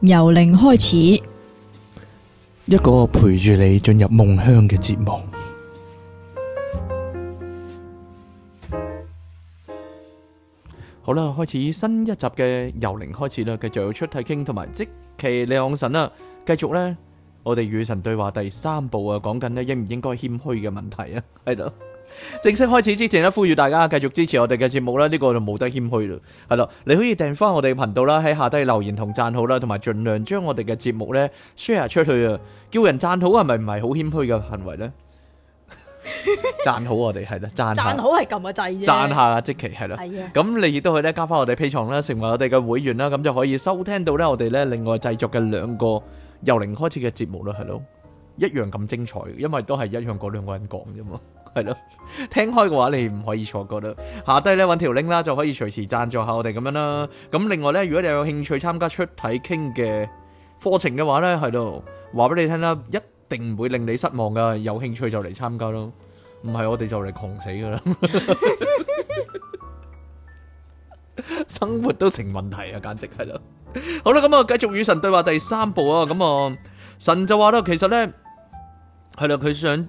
由零開始，一個陪住你進入夢鄉嘅節目。好啦，開始新一集嘅由零開始啦，繼續出題傾，同埋即其兩神啦，繼續呢，我哋與神對話第三部啊，講緊呢，應唔應該謙虛嘅問題啊，係咯。正式開始之前咧，呼籲大家繼續支持我哋嘅節目啦！呢個就冇得謙虛啦，係啦，你可以訂翻我哋頻道啦，喺下低留言同讚好啦，同埋盡量將我哋嘅節目咧 share 出去啊！叫人讚好係咪唔係好謙虛嘅行為呢？讚 好我哋係啦，讚讚 好係撳個掣啫，讚下啊，即奇係啦，咁的你亦都可以加翻我哋 Patreon 啦，成為我哋嘅會員啦，咁就可以收聽到呢我哋咧另外製作嘅兩個由零開始嘅節目啦，係咯，一樣咁精彩，因為都係一樣嗰兩個人講啫嘛。係咯，聽開嘅話你唔可以錯過啦。下低咧揾條 link 啦，就可以隨時贊助下我哋咁樣啦。咁另外咧，如果你有興趣參加出體傾嘅課程嘅話咧，係咯，話俾你聽啦，一定唔會令你失望噶。有興趣就嚟參加咯，唔係我哋就嚟窮死噶啦。 生活都成問題啊，簡直係咯。好啦，咁啊，繼續與神對話第三部啊。咁啊，神就話啦，其實咧，係啦，佢想。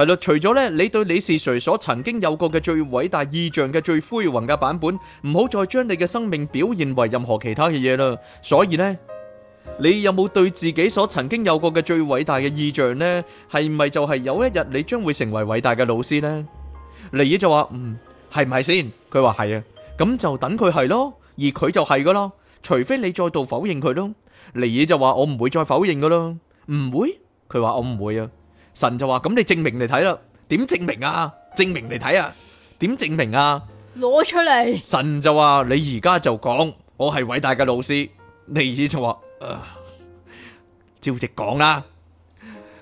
係啦，除咗咧，你對你是誰所曾經有過嘅最偉大意象嘅最恢宏嘅版本，唔好再將你嘅生命表現為任何其他嘅嘢啦。所以呢，你有冇對自己所曾經有過嘅最偉大嘅意象呢？係咪就係有一日你將會成為偉大嘅老師呢？尼爾就話：嗯，係唔係先？佢話係啊，咁就等佢係咯，而佢就係噶咯，除非你再度否認佢咯。尼爾就話：我唔會再否認噶咯，唔會。佢話：我唔會啊。神就話：咁你證明嚟睇啦，點證明啊？證明嚟睇啊？點證明啊？攞出嚟！神就話：你而家就講，我係偉大嘅老師。尼爾就話、呃：照直講啦。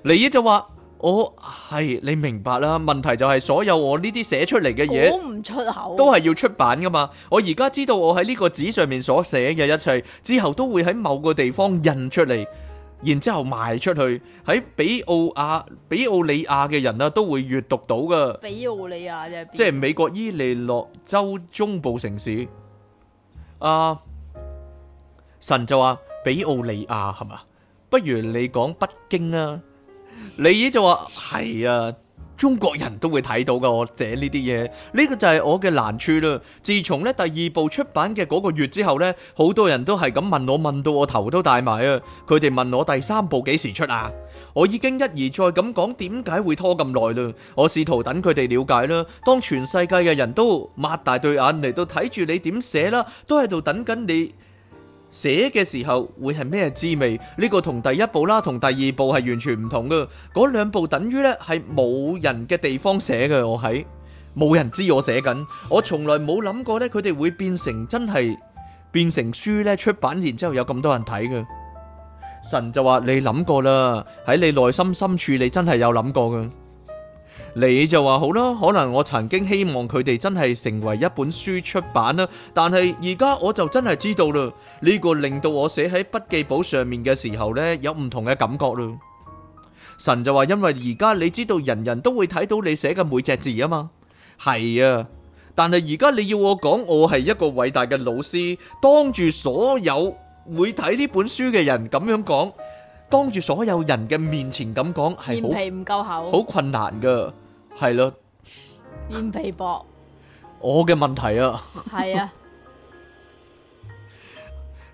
尼爾 就話：我係你明白啦。問題就係所有我呢啲寫出嚟嘅嘢，講唔出口，都係要出版噶嘛。我而家知道我喺呢個紙上面所寫嘅一切，之後都會喺某個地方印出嚟。然之後賣出去喺比奧亞比奧利亞嘅人啦，都會閱讀到㗎。比奧利亞即係美國伊利諾州中部城市。啊，神就話，比奧利亞係嘛？不如你講北京吖。你就話係啊。中國人都會睇到㗎，我寫呢啲嘢，呢、呢個就係我嘅難處啦。自從咧第二部出版嘅嗰個月之後呢，好多人都係咁問我，問到我頭都大埋啊！佢哋問我第三部幾時出啊？我已經一而再咁講，點解會拖咁耐啦。我試圖等佢哋了解啦。當全世界嘅人都擘大對眼嚟到睇住你點寫啦，都喺度等緊你。寫嘅時候會係咩滋味？呢個同第一部啦，同第二部係完全唔同噶。嗰兩部等於呢，係冇人嘅地方寫嘅，我喺冇人知我寫緊。我從來冇諗過呢，佢哋會變成真係變成書呢。出版，然之後有咁多人睇嘅。神就話，你諗過啦，喺你內心深處，你真係有諗過噶。你就話好啦，可能我曾經希望佢哋真係成為一本書出版啦，但係而家我就真係知道啦，呢個令到我寫喺筆記簿上面嘅時候呢，有唔同嘅感覺啦。神就話，因為而家你知道人人都會睇到你寫嘅每隻字啊嘛，係啊，但係而家你要我講，我係一個偉大嘅老師，當住所有會睇呢本書嘅人咁樣講。當住所有人嘅面前咁講係好困難噶係咯，面皮薄，我嘅問題啊，係啊，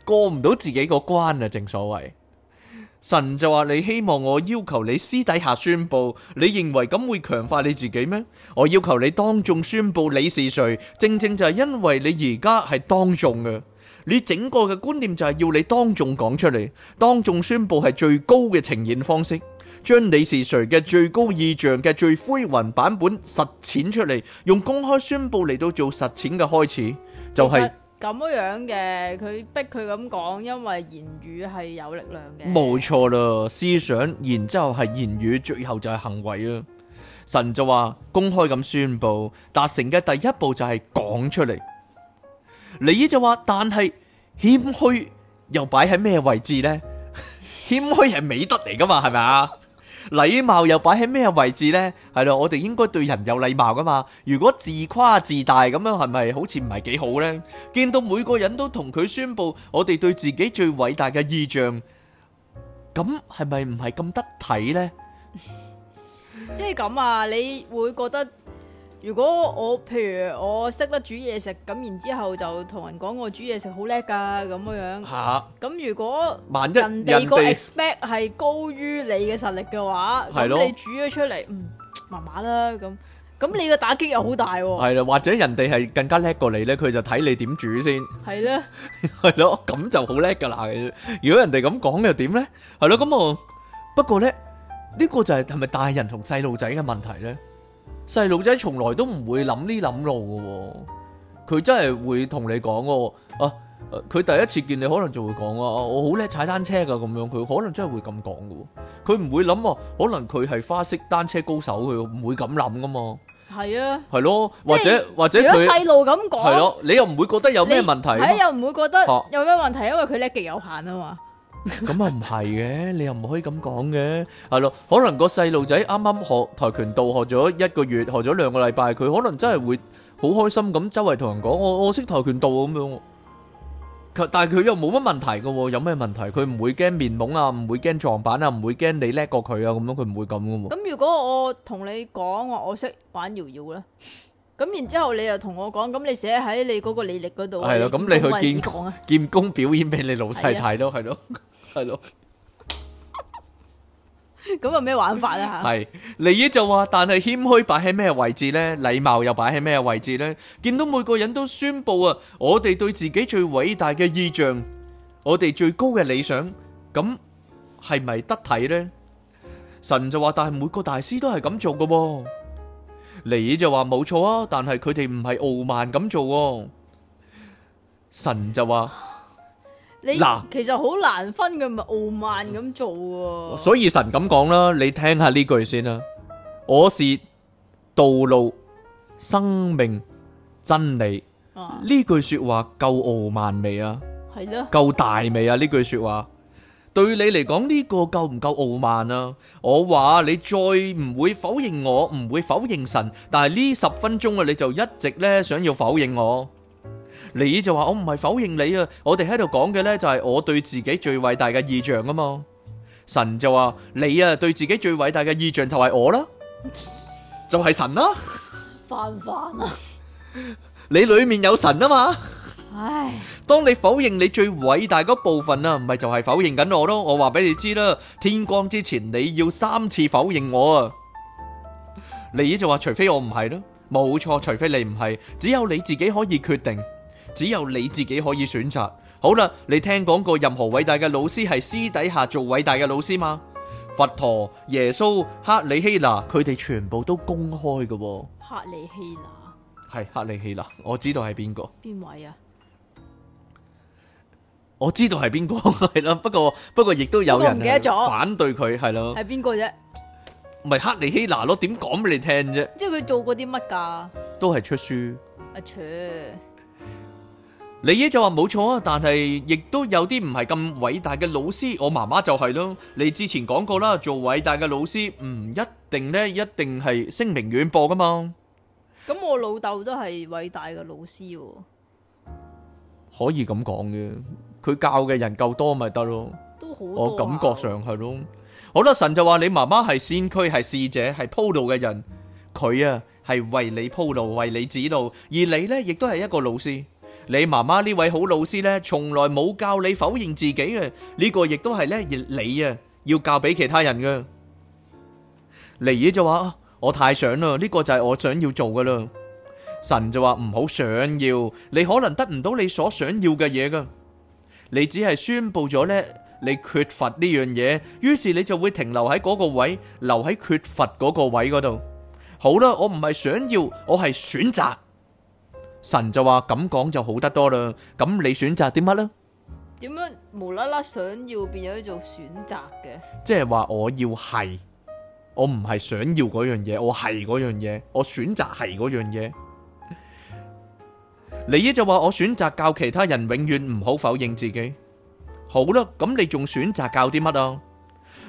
過唔到自己個關啊，正所謂，神就話，你希望我要求你私底下宣布，你認為咁會強化你自己咩？我要求你當眾宣布你是誰，正正就係因為你而家係當眾嘅。你整個嘅觀念就係要你當眾講出嚟，當眾宣布係最高嘅呈現方式，將你是誰嘅最高意象嘅最恢宏版本實踐出嚟，用公開宣布嚟到做實踐嘅開始，就係、是、咁樣嘅。佢逼佢咁講，因為言語係有力量嘅。冇錯啦，思想然之後係言語，最後就係行為啦。神就話公開咁宣布，達成嘅第一步就係講出嚟。你呢就話，但係謙虛又擺喺咩位置咧？謙虛係美德嚟噶嘛，係咪啊？禮貌又擺喺咩位置咧？係咯，我哋應該對人有禮貌噶嘛。如果自誇自大咁樣，係咪好似唔係幾好咧？見到每個人都同佢宣布我哋對自己最偉大嘅意象，咁係咪唔係咁得體咧？即係咁啊，你會覺得？如果我譬如我識得煮嘢食，咁然之後就同人講，我煮嘢食好叻噶，咁樣樣。吓，咁如果萬一人哋個 expect 係高於你嘅實力嘅話，係咯，你煮咗出嚟，嗯，麻麻啦咁。咁你嘅打擊又好大喎。係啦，或者人哋係更加叻過你咧，佢就睇你點煮先。係啦，係咯，咁就好叻噶啦。如果人哋咁講又點咧？係咯，咁啊，不過咧，呢個就係係咪大人同細路仔嘅問題咧？細路仔從來都唔會諗呢諗路嘅，哦，佢真係會同你講嘅。啊，佢，啊、第一次見你可能就會講啊，我好叻踩單車噶咁樣，佢可能真係會咁講嘅。佢唔會諗啊，可能佢係花式單車高手，佢唔會咁諗噶嘛。係啊。係咯，啊，或者即係或者佢。如果細路咁講。係咯，啊，你又唔會覺得有咩問題？係又唔會覺得有咩問題？因為佢叻極有限啊嘛。咁啊唔係嘅，你又唔可以咁講嘅，係咯？可能個細路仔啱啱學跆拳道學咗一個月，學咗兩個禮拜，佢可能真係會好開心咁，周圍同人講，我我識跆拳道咁樣。但係佢又冇乜問題噶，有咩問題？佢唔會驚面懵啊，唔會驚撞板啊，唔會驚你叻過佢啊，咁樣佢唔會咁噶。咁如果我同你講，我識玩搖搖咧？咁然之後你又同我講，咁你寫喺你嗰個履歷嗰度啊？係咯，咁你去見工啊？見工表演俾你老細睇都係咯，係咯。咁有咩玩法啊？係，利耶就話，但係謙虛擺喺咩位置咧？禮貌又擺喺咩位置咧？見到每個人都宣布啊，我哋對自己最偉大嘅意象，我哋最高嘅理想，咁係咪得睇咧？神就話，但係每個大師都係咁做噶喎。你就話冇錯啊，但係佢哋唔係傲慢咁做。神就話，嗱，其實好難分嘅，唔係傲慢咁做。所以神咁講啦，你聽下呢句先啦。我是道路、生命、真理。呢句說話夠傲慢未啊？係啦，夠大未啊？呢句說話。對你嚟講，呢個夠唔夠傲慢啊？我話你再唔會否認我，唔會否認神，但係呢十分鐘啊，你就一直咧想要否認我。你就話我唔係否認你啊，我哋喺度講嘅咧就係、是、我對自己最偉大嘅意象啊嘛。神就話你啊，對自己最偉大嘅意象就係我啦，就係、是、神啦。凡凡啊，犯犯啊 你裏面有神啊嘛？唉，當你否認你最偉大嗰部分啊，唔係就係否認緊我咯。我話俾你知啦，天光之前你要三次否認我啊。你就話除非我唔係咯，冇錯，除非你唔係，只有你自己可以決定，只有你自己可以選擇。好啦，你聽講過任何偉大嘅老師係私底下做偉大嘅老師嗎？佛陀、耶穌、克里希那，佢哋全部都公開㗎喎。克里希那？係，克里希那，我知道係邊個？邊位啊？我知道係邊個係咯，不過不過亦都有人反對佢係咯。係邊個啫？唔係克里希娜咯？點講俾你聽啫？即係佢做過啲乜噶？都係出書。阿卓，你呢就話冇錯啊，但係亦都有啲唔係咁偉大嘅老師。我媽媽就係咯，你之前講過啦，做偉大嘅老師唔一定呢，一定係聲名遠播噶嘛。咁我老豆都係偉大嘅老師，可以咁講嘅。佢教嘅人夠多咪得咯，我感覺上係咯。好啦，神就話你媽媽係先驅，係使者，係鋪路嘅人。佢啊係為你鋪路，為你指路。而你咧亦都係一個老師。你媽媽呢位好老師咧，從來冇教你否認自己嘅呢個，亦都係咧，而你啊要教俾其他人嘅。尼爾就話我太想啦，呢個就係我想要做噶啦。神就話唔好想要，你可能得唔到你所想要嘅嘢噶。你只係宣布咗呢，你缺乏呢樣嘢，於是你就會停留喺嗰個位，留喺缺乏嗰個位嗰度。好啦，我唔係想要，我係選擇。神就話咁講就好得多啦。咁你選擇點乜呢？點樣無啦啦想要變咗做選擇嘅？即係話我要係，我唔係想要嗰樣嘢，我係嗰樣嘢，我選擇係嗰樣嘢。尼爾就話我選擇教其他人永遠唔好否認自己。好啦，咁你仲選擇教啲乜啊？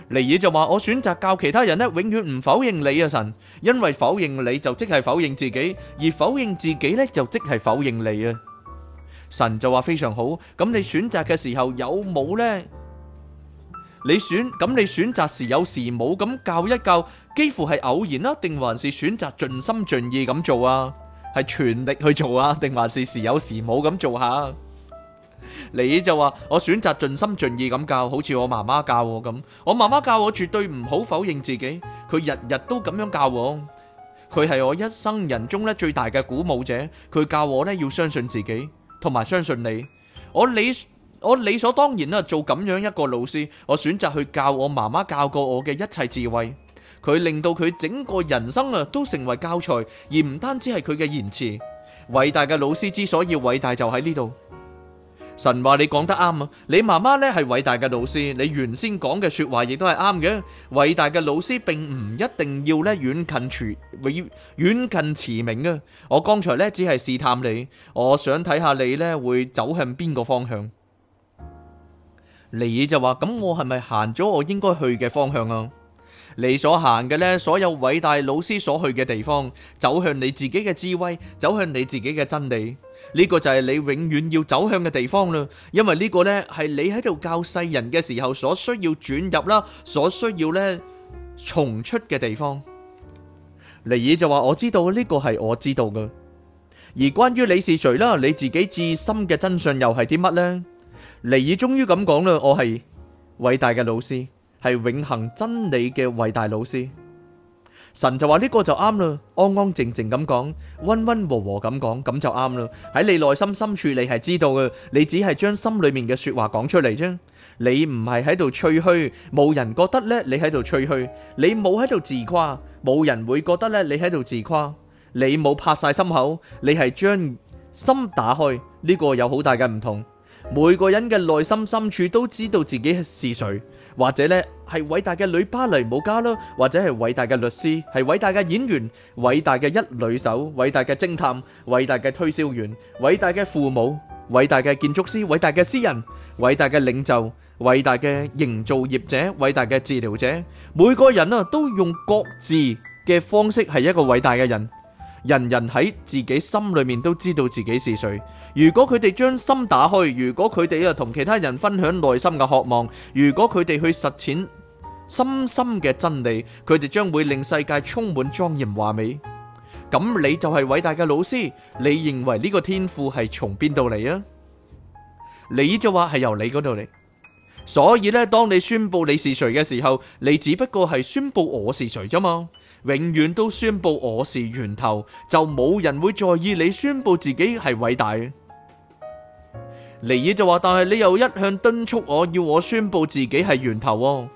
尼爾就話我選擇教其他人咧，永遠唔否認你啊神，因為否認你就即係否認自己，而否認自己咧就即係否認你啊。神就話非常好，咁你選擇嘅時候有冇呢？你選咁你選擇時有時冇咁教一教，幾乎係偶然啦、啊，定還是選擇盡心盡意咁做啊？係全力去做啊，定還是時有時冇咁做下啊？ 你就話我選擇盡心盡意咁教，好似我媽媽教我咁。我媽媽教我絕對唔好否認自己，佢日日都咁樣教我。佢係我一生人中咧，最大嘅鼓舞者。佢教我咧，要相信自己，同埋相信你。我理我理所當然啦，做咁樣一個老師，我選擇去教我媽媽教過我嘅一切智慧。佢令到佢整個人生啊，都成為教材，而唔單止係佢嘅言辭。偉大嘅老師之所以偉大，就喺呢度。神話，你講得啱啊！你媽媽呢係偉大嘅老師，你原先講嘅說話亦都係啱嘅。偉大嘅老師並唔一定要呢遠近馳，遠近馳名啊！我剛才呢只係試探你，我想睇下你呢會走向邊個方向。你就話咁，我係咪行咗我應該去嘅方向啊？你所行嘅呢所有偉大老師所去嘅地方，走向你自己嘅智慧，走向你自己嘅真理，呢、這個就係你永遠要走向嘅地方啦。因為呢個呢係你喺度教世人嘅時候所需要轉入啦，所需要呢重出嘅地方。尼爾就話：我知道呢、這個係我知道嘅。而關於你是誰啦，你自己至深嘅真相又係啲乜呢？尼爾終於咁講啦：我係偉大嘅老師。係永恒真理嘅偉大老師，神就話呢個就啱啦，安安靜靜咁講，溫溫和和咁講，咁就啱啦。喺你內心深處，你係知道嘅，你只係將心裏面嘅說話講出嚟啫。你唔係喺度吹噓，冇人覺得咧你喺度吹噓，你冇喺度自誇，冇人會覺得咧你喺度自誇，你冇拍晒心口，你係將心打開，呢個有好大嘅唔同。每個人嘅內心深處都知道自己係是誰。或者呢，係偉大嘅女芭蕾舞家咯，或者係偉大嘅律師，係偉大嘅演員，偉大嘅一女手，偉大嘅偵探，偉大嘅推銷員，偉大嘅父母，偉大嘅建築師，偉大嘅詩人，偉大嘅領袖，偉大嘅營造業者，偉大嘅治療者，每個人啊都用各自嘅方式係一個偉大嘅人。人人喺自己心裏面都知道自己是誰。如果佢哋將心打開，如果佢哋啊同其他人分享內心嘅渴望，如果佢哋去實踐深深嘅真理，佢哋將會令世界充滿莊嚴華美。咁你就係偉大嘅老師，你認為呢個天賦係從邊度嚟啊？你就話係由你嗰度嚟。所以呢，當你宣布你是誰嘅時候，你只不過係宣布我是誰啫嘛。永遠都宣布我是源頭，就冇人會在意你宣布自己係偉大。尼爾就話：，但係你又一向敦促我要我宣布自己係源頭哦。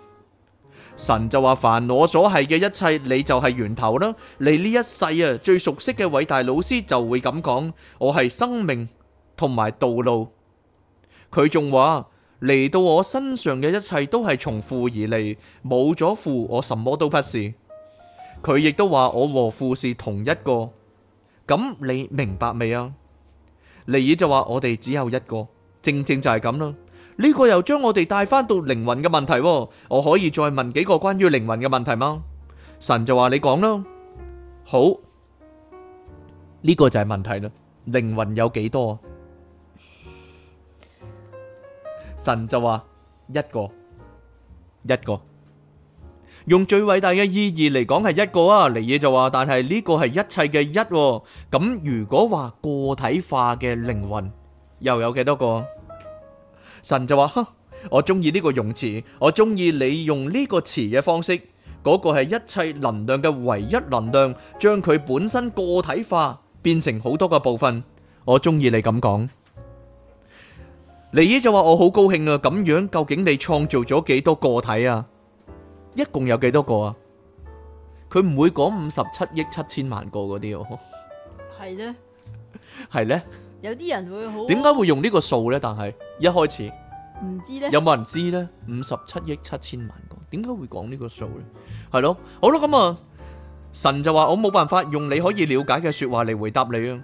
神就話：，凡我所係嘅一切，你就係源頭啦。你呢一世啊，最熟悉嘅偉大老師就會咁講：，我係生命同埋道路。佢仲話：，嚟到我身上嘅一切都係從父而嚟，冇咗父，我什麼都不是。佢亦都話我和父是同一個，咁你明白未啊？尼爾就話我哋只有一個，正正就係咁啦。呢個又將我哋帶翻到靈魂嘅問題。我可以再問幾個關於靈魂嘅問題嗎？神就話你講咯。好，呢個就係問題啦。靈魂有幾多？神就話一個，一個。用最偉大嘅意義嚟講係一個啊，尼耶就話，但係呢個係一切嘅一、哦。咁如果話個體化嘅靈魂又有幾多個？神就話：，我中意呢個用詞，我中意你用呢個詞嘅方式。嗰、這個係一切能量嘅唯一能量，將佢本身個體化，變成好多個部分。我中意你咁講。尼耶就話：，我好高興啊！咁樣究竟你創造咗幾多個體啊？一共有幾多個啊？佢唔會講五十七億七千萬個嗰啲哦。係咧，係咧。有啲人會好點解會用呢個數咧？但係一開始唔知咧，有冇人知咧？五十七億七千萬個，點解會講呢個數咧？係咯，好咯，咁啊，神就話，我冇辦法用你可以了解嘅說話嚟回答你啊。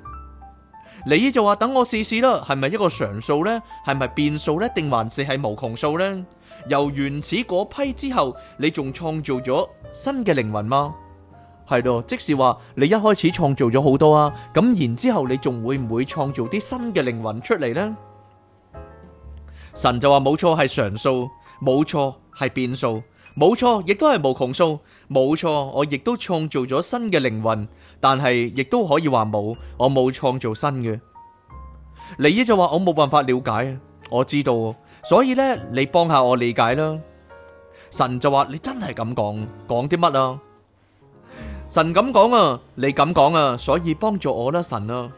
你就話等我試試啦，係咪一個常數呢？係咪變數呢？定還是係無窮數呢？由原始嗰批之後，你仲創造咗新嘅靈魂嗎？係咯，即是話你一開始創造咗好多啊，咁然之後你仲會唔會創造啲新嘅靈魂出嚟呢？神就話冇錯係常數，冇錯係變數。冇錯，亦都係無窮數。冇錯，我亦都創造咗新嘅靈魂，但係亦都可以話冇，我冇創造新嘅。你呢就話我冇辦法了解，我知道，所以咧，你幫下我理解啦。神就話你真係咁講，講啲乜啊？神咁講啊，你咁講啊，所以幫助我啦，啊，神啊。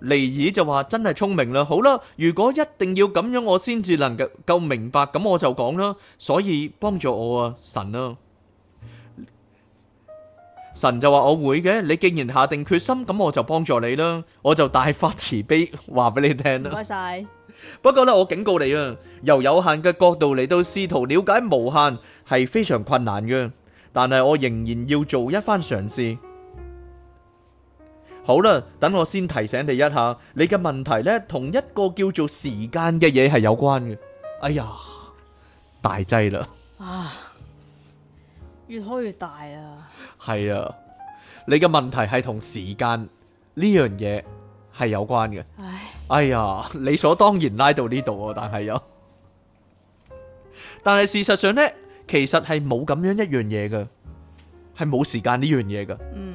尼爾就話：真係聰明啦，好啦，如果一定要咁樣，我先至能夠明白，咁我就講啦。所以幫助我啊，神啊。神就話我會嘅。你既然下定決心，咁我就幫助你啦，我就大發慈悲話俾你聽啦。唔該晒。不過咧，我警告你啊，由有限嘅角度嚟到試圖了解無限，係非常困難嘅。但係我仍然要做一番嘗試。好啦，等我先提醒你一下，你嘅問題呢，同一個叫做時間嘅嘢係有關嘅。哎呀，大劑啦！啊，越開越大啊！係啊，你嘅問題係同時間呢樣嘢係有關嘅。唉，哎呀，理所當然拉到呢度啊，但係又，但係事實上呢，其實係冇咁樣一樣嘢嘅，係冇時間呢樣嘢嘅。嗯。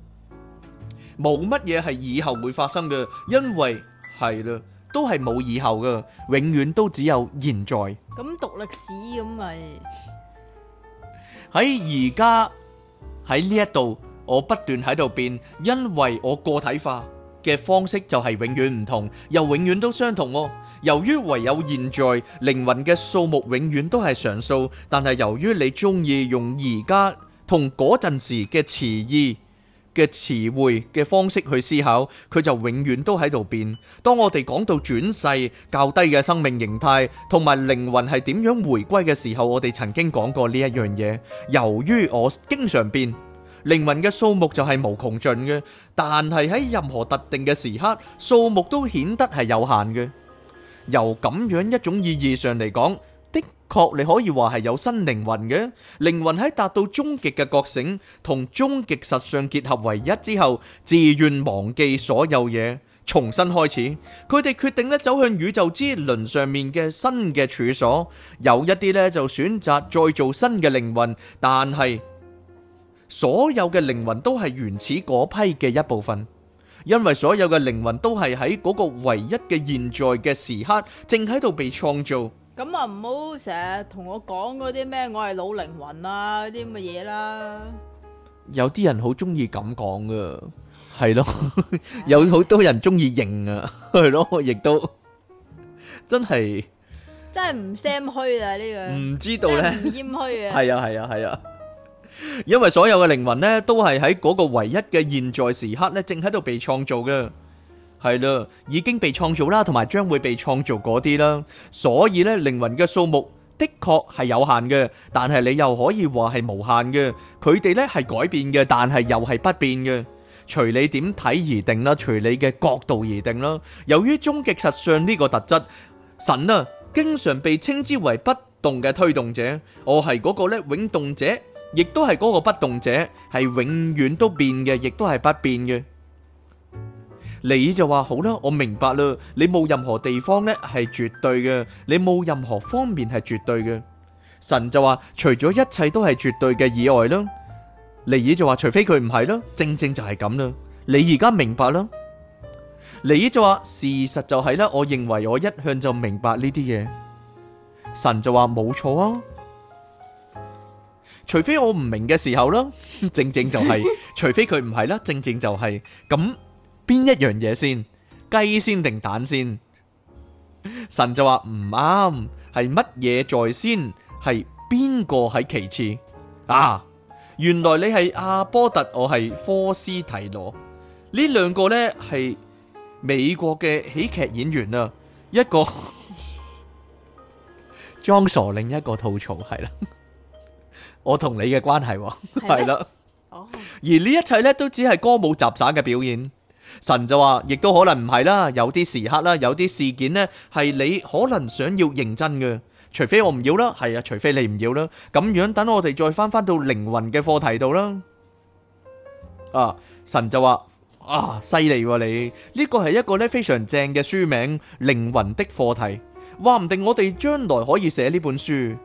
冇乜嘢係以後會發生嘅，因為係啦，都係冇以後嘅，永遠都只有現在。咁讀歷史咁咪喺而家喺呢一度，我不斷喺度變，因為我個體化嘅方式就係永遠唔同，又永遠都相同喎。由於唯有現在，靈魂嘅數目永遠都係常數，但係由於你中意用而家同嗰陣時嘅詞義。嘅詞彙嘅方式去思考，佢就永遠都喺度變。當我哋講到轉世較低嘅生命形態同埋靈魂係點樣回歸嘅時候，我哋曾經講過呢一樣嘢。由於我經常變，靈魂嘅數目就係無窮盡嘅，但係喺任何特定嘅時刻，數目都顯得係有限嘅。由咁樣一種意義上嚟講。確你可以話係有新靈魂嘅靈魂喺達到終極嘅覺醒同終極實相結合為一之後，自願忘記所有嘢，重新開始。佢哋決定咧走向宇宙之輪上面嘅新嘅處所。有一啲呢，就選擇再造新嘅靈魂，但係所有嘅靈魂都係原始嗰批嘅一部分，因為所有嘅靈魂都係喺嗰個唯一嘅現在嘅時刻正喺度被創造。咁啊，唔好成日同我講嗰啲咩，我係老靈魂啊，嗰啲咁嘅嘢啦。有啲人好中意咁講噶，係咯， 有好多人中意認啊，係咯，亦都真係真係唔聲虛啊呢個，唔知道咧，唔謙虛啊，係啊係啊係啊，啊 因為所有嘅靈魂咧，都係喺嗰個唯一嘅現在時刻咧，正喺度被創造噶。係啦，已經被創造啦，同埋將會被創造嗰啲啦。所以咧，靈魂嘅數目的確係有限嘅，但係你又可以話係無限嘅。佢哋咧係改變嘅，但係又係不變嘅。隨你點睇而定啦，隨你嘅角度而定啦。由於終極實相呢個特質，神啊，經常被稱之為不動嘅推動者。我係嗰個咧永動者，亦都係嗰個不動者，係永遠都變嘅，亦都係不變嘅。尼爾就話好啦，我明白啦。你冇任何地方咧係絕對嘅，你冇任何方面係絕對嘅。神就話除咗一切都係絕對嘅以外啦。尼爾就話除非佢唔係啦，正正就係咁啦。你而家明白啦。尼爾就話事實就係啦，我認為我一向就明白呢啲嘢。神就話冇錯啊，除非我唔明嘅時候啦，正正就係除非佢唔係啦，正正就係咁。邊一樣嘢先？雞先定蛋先？神就話唔啱，係乜嘢在先？係邊個喺其次？啊，原來你係阿波特，我係科斯提羅，呢兩個呢，係美國嘅喜劇演員啊，一個裝 傻，另一個吐槽係啦。 我同你嘅關係係啦，oh。而呢一切呢，都只係歌舞雜耍嘅表演。神就話，亦都可能唔係啦，有啲時刻啦，有啲事件呢係你可能想要認真嘅，除非我唔要啦，係啊，除非你唔要啦，咁樣等我哋再返返到靈魂嘅課題度啦。啊，神就話，啊，犀利、啊、你呢個係一個咧非常正嘅書名，靈魂的課題，話唔定我哋將來可以寫呢本書。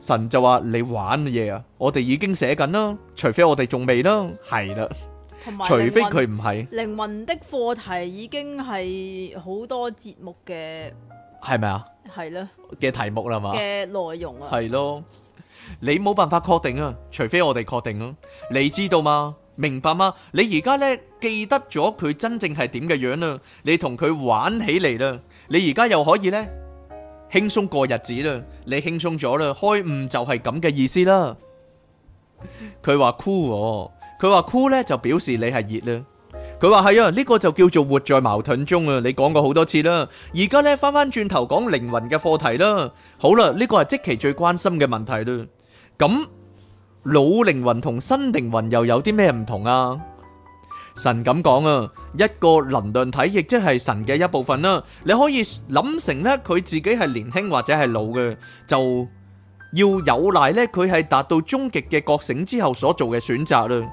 神就話，你玩嘅嘢啊，我哋已經寫緊啦，除非我哋仲未啦，係啦、啊。除非佢唔係靈魂的課題，已經係好多節目嘅，係咪啊？係咯嘅題目啦嘛，嘅內容啊，係咯，你冇辦法確定啊，除非我哋確定啊。你知道嗎？明白嗎？你而家呢記得咗佢真正係點嘅樣啦，你同佢玩起嚟啦，你而家又可以呢輕鬆過日子啦，你輕鬆咗啦，開悟就係咁嘅意思啦。佢話 cool 喎。佢話 cool 呢就表示你係熱啦。佢話係啊，呢個就叫做活在矛盾中啊。你講過好多次啦，而家呢，翻翻轉頭講靈魂嘅課題啦。好啦，呢個係即其最關心嘅問題啦。咁老靈魂同新靈魂又有啲咩唔同啊？神咁講啊，一個能量體亦即係神嘅一部分啦。你可以諗成呢，佢自己係年輕或者係老嘅，就要有賴呢，佢係達到終極嘅覺醒之後所做嘅選擇啦。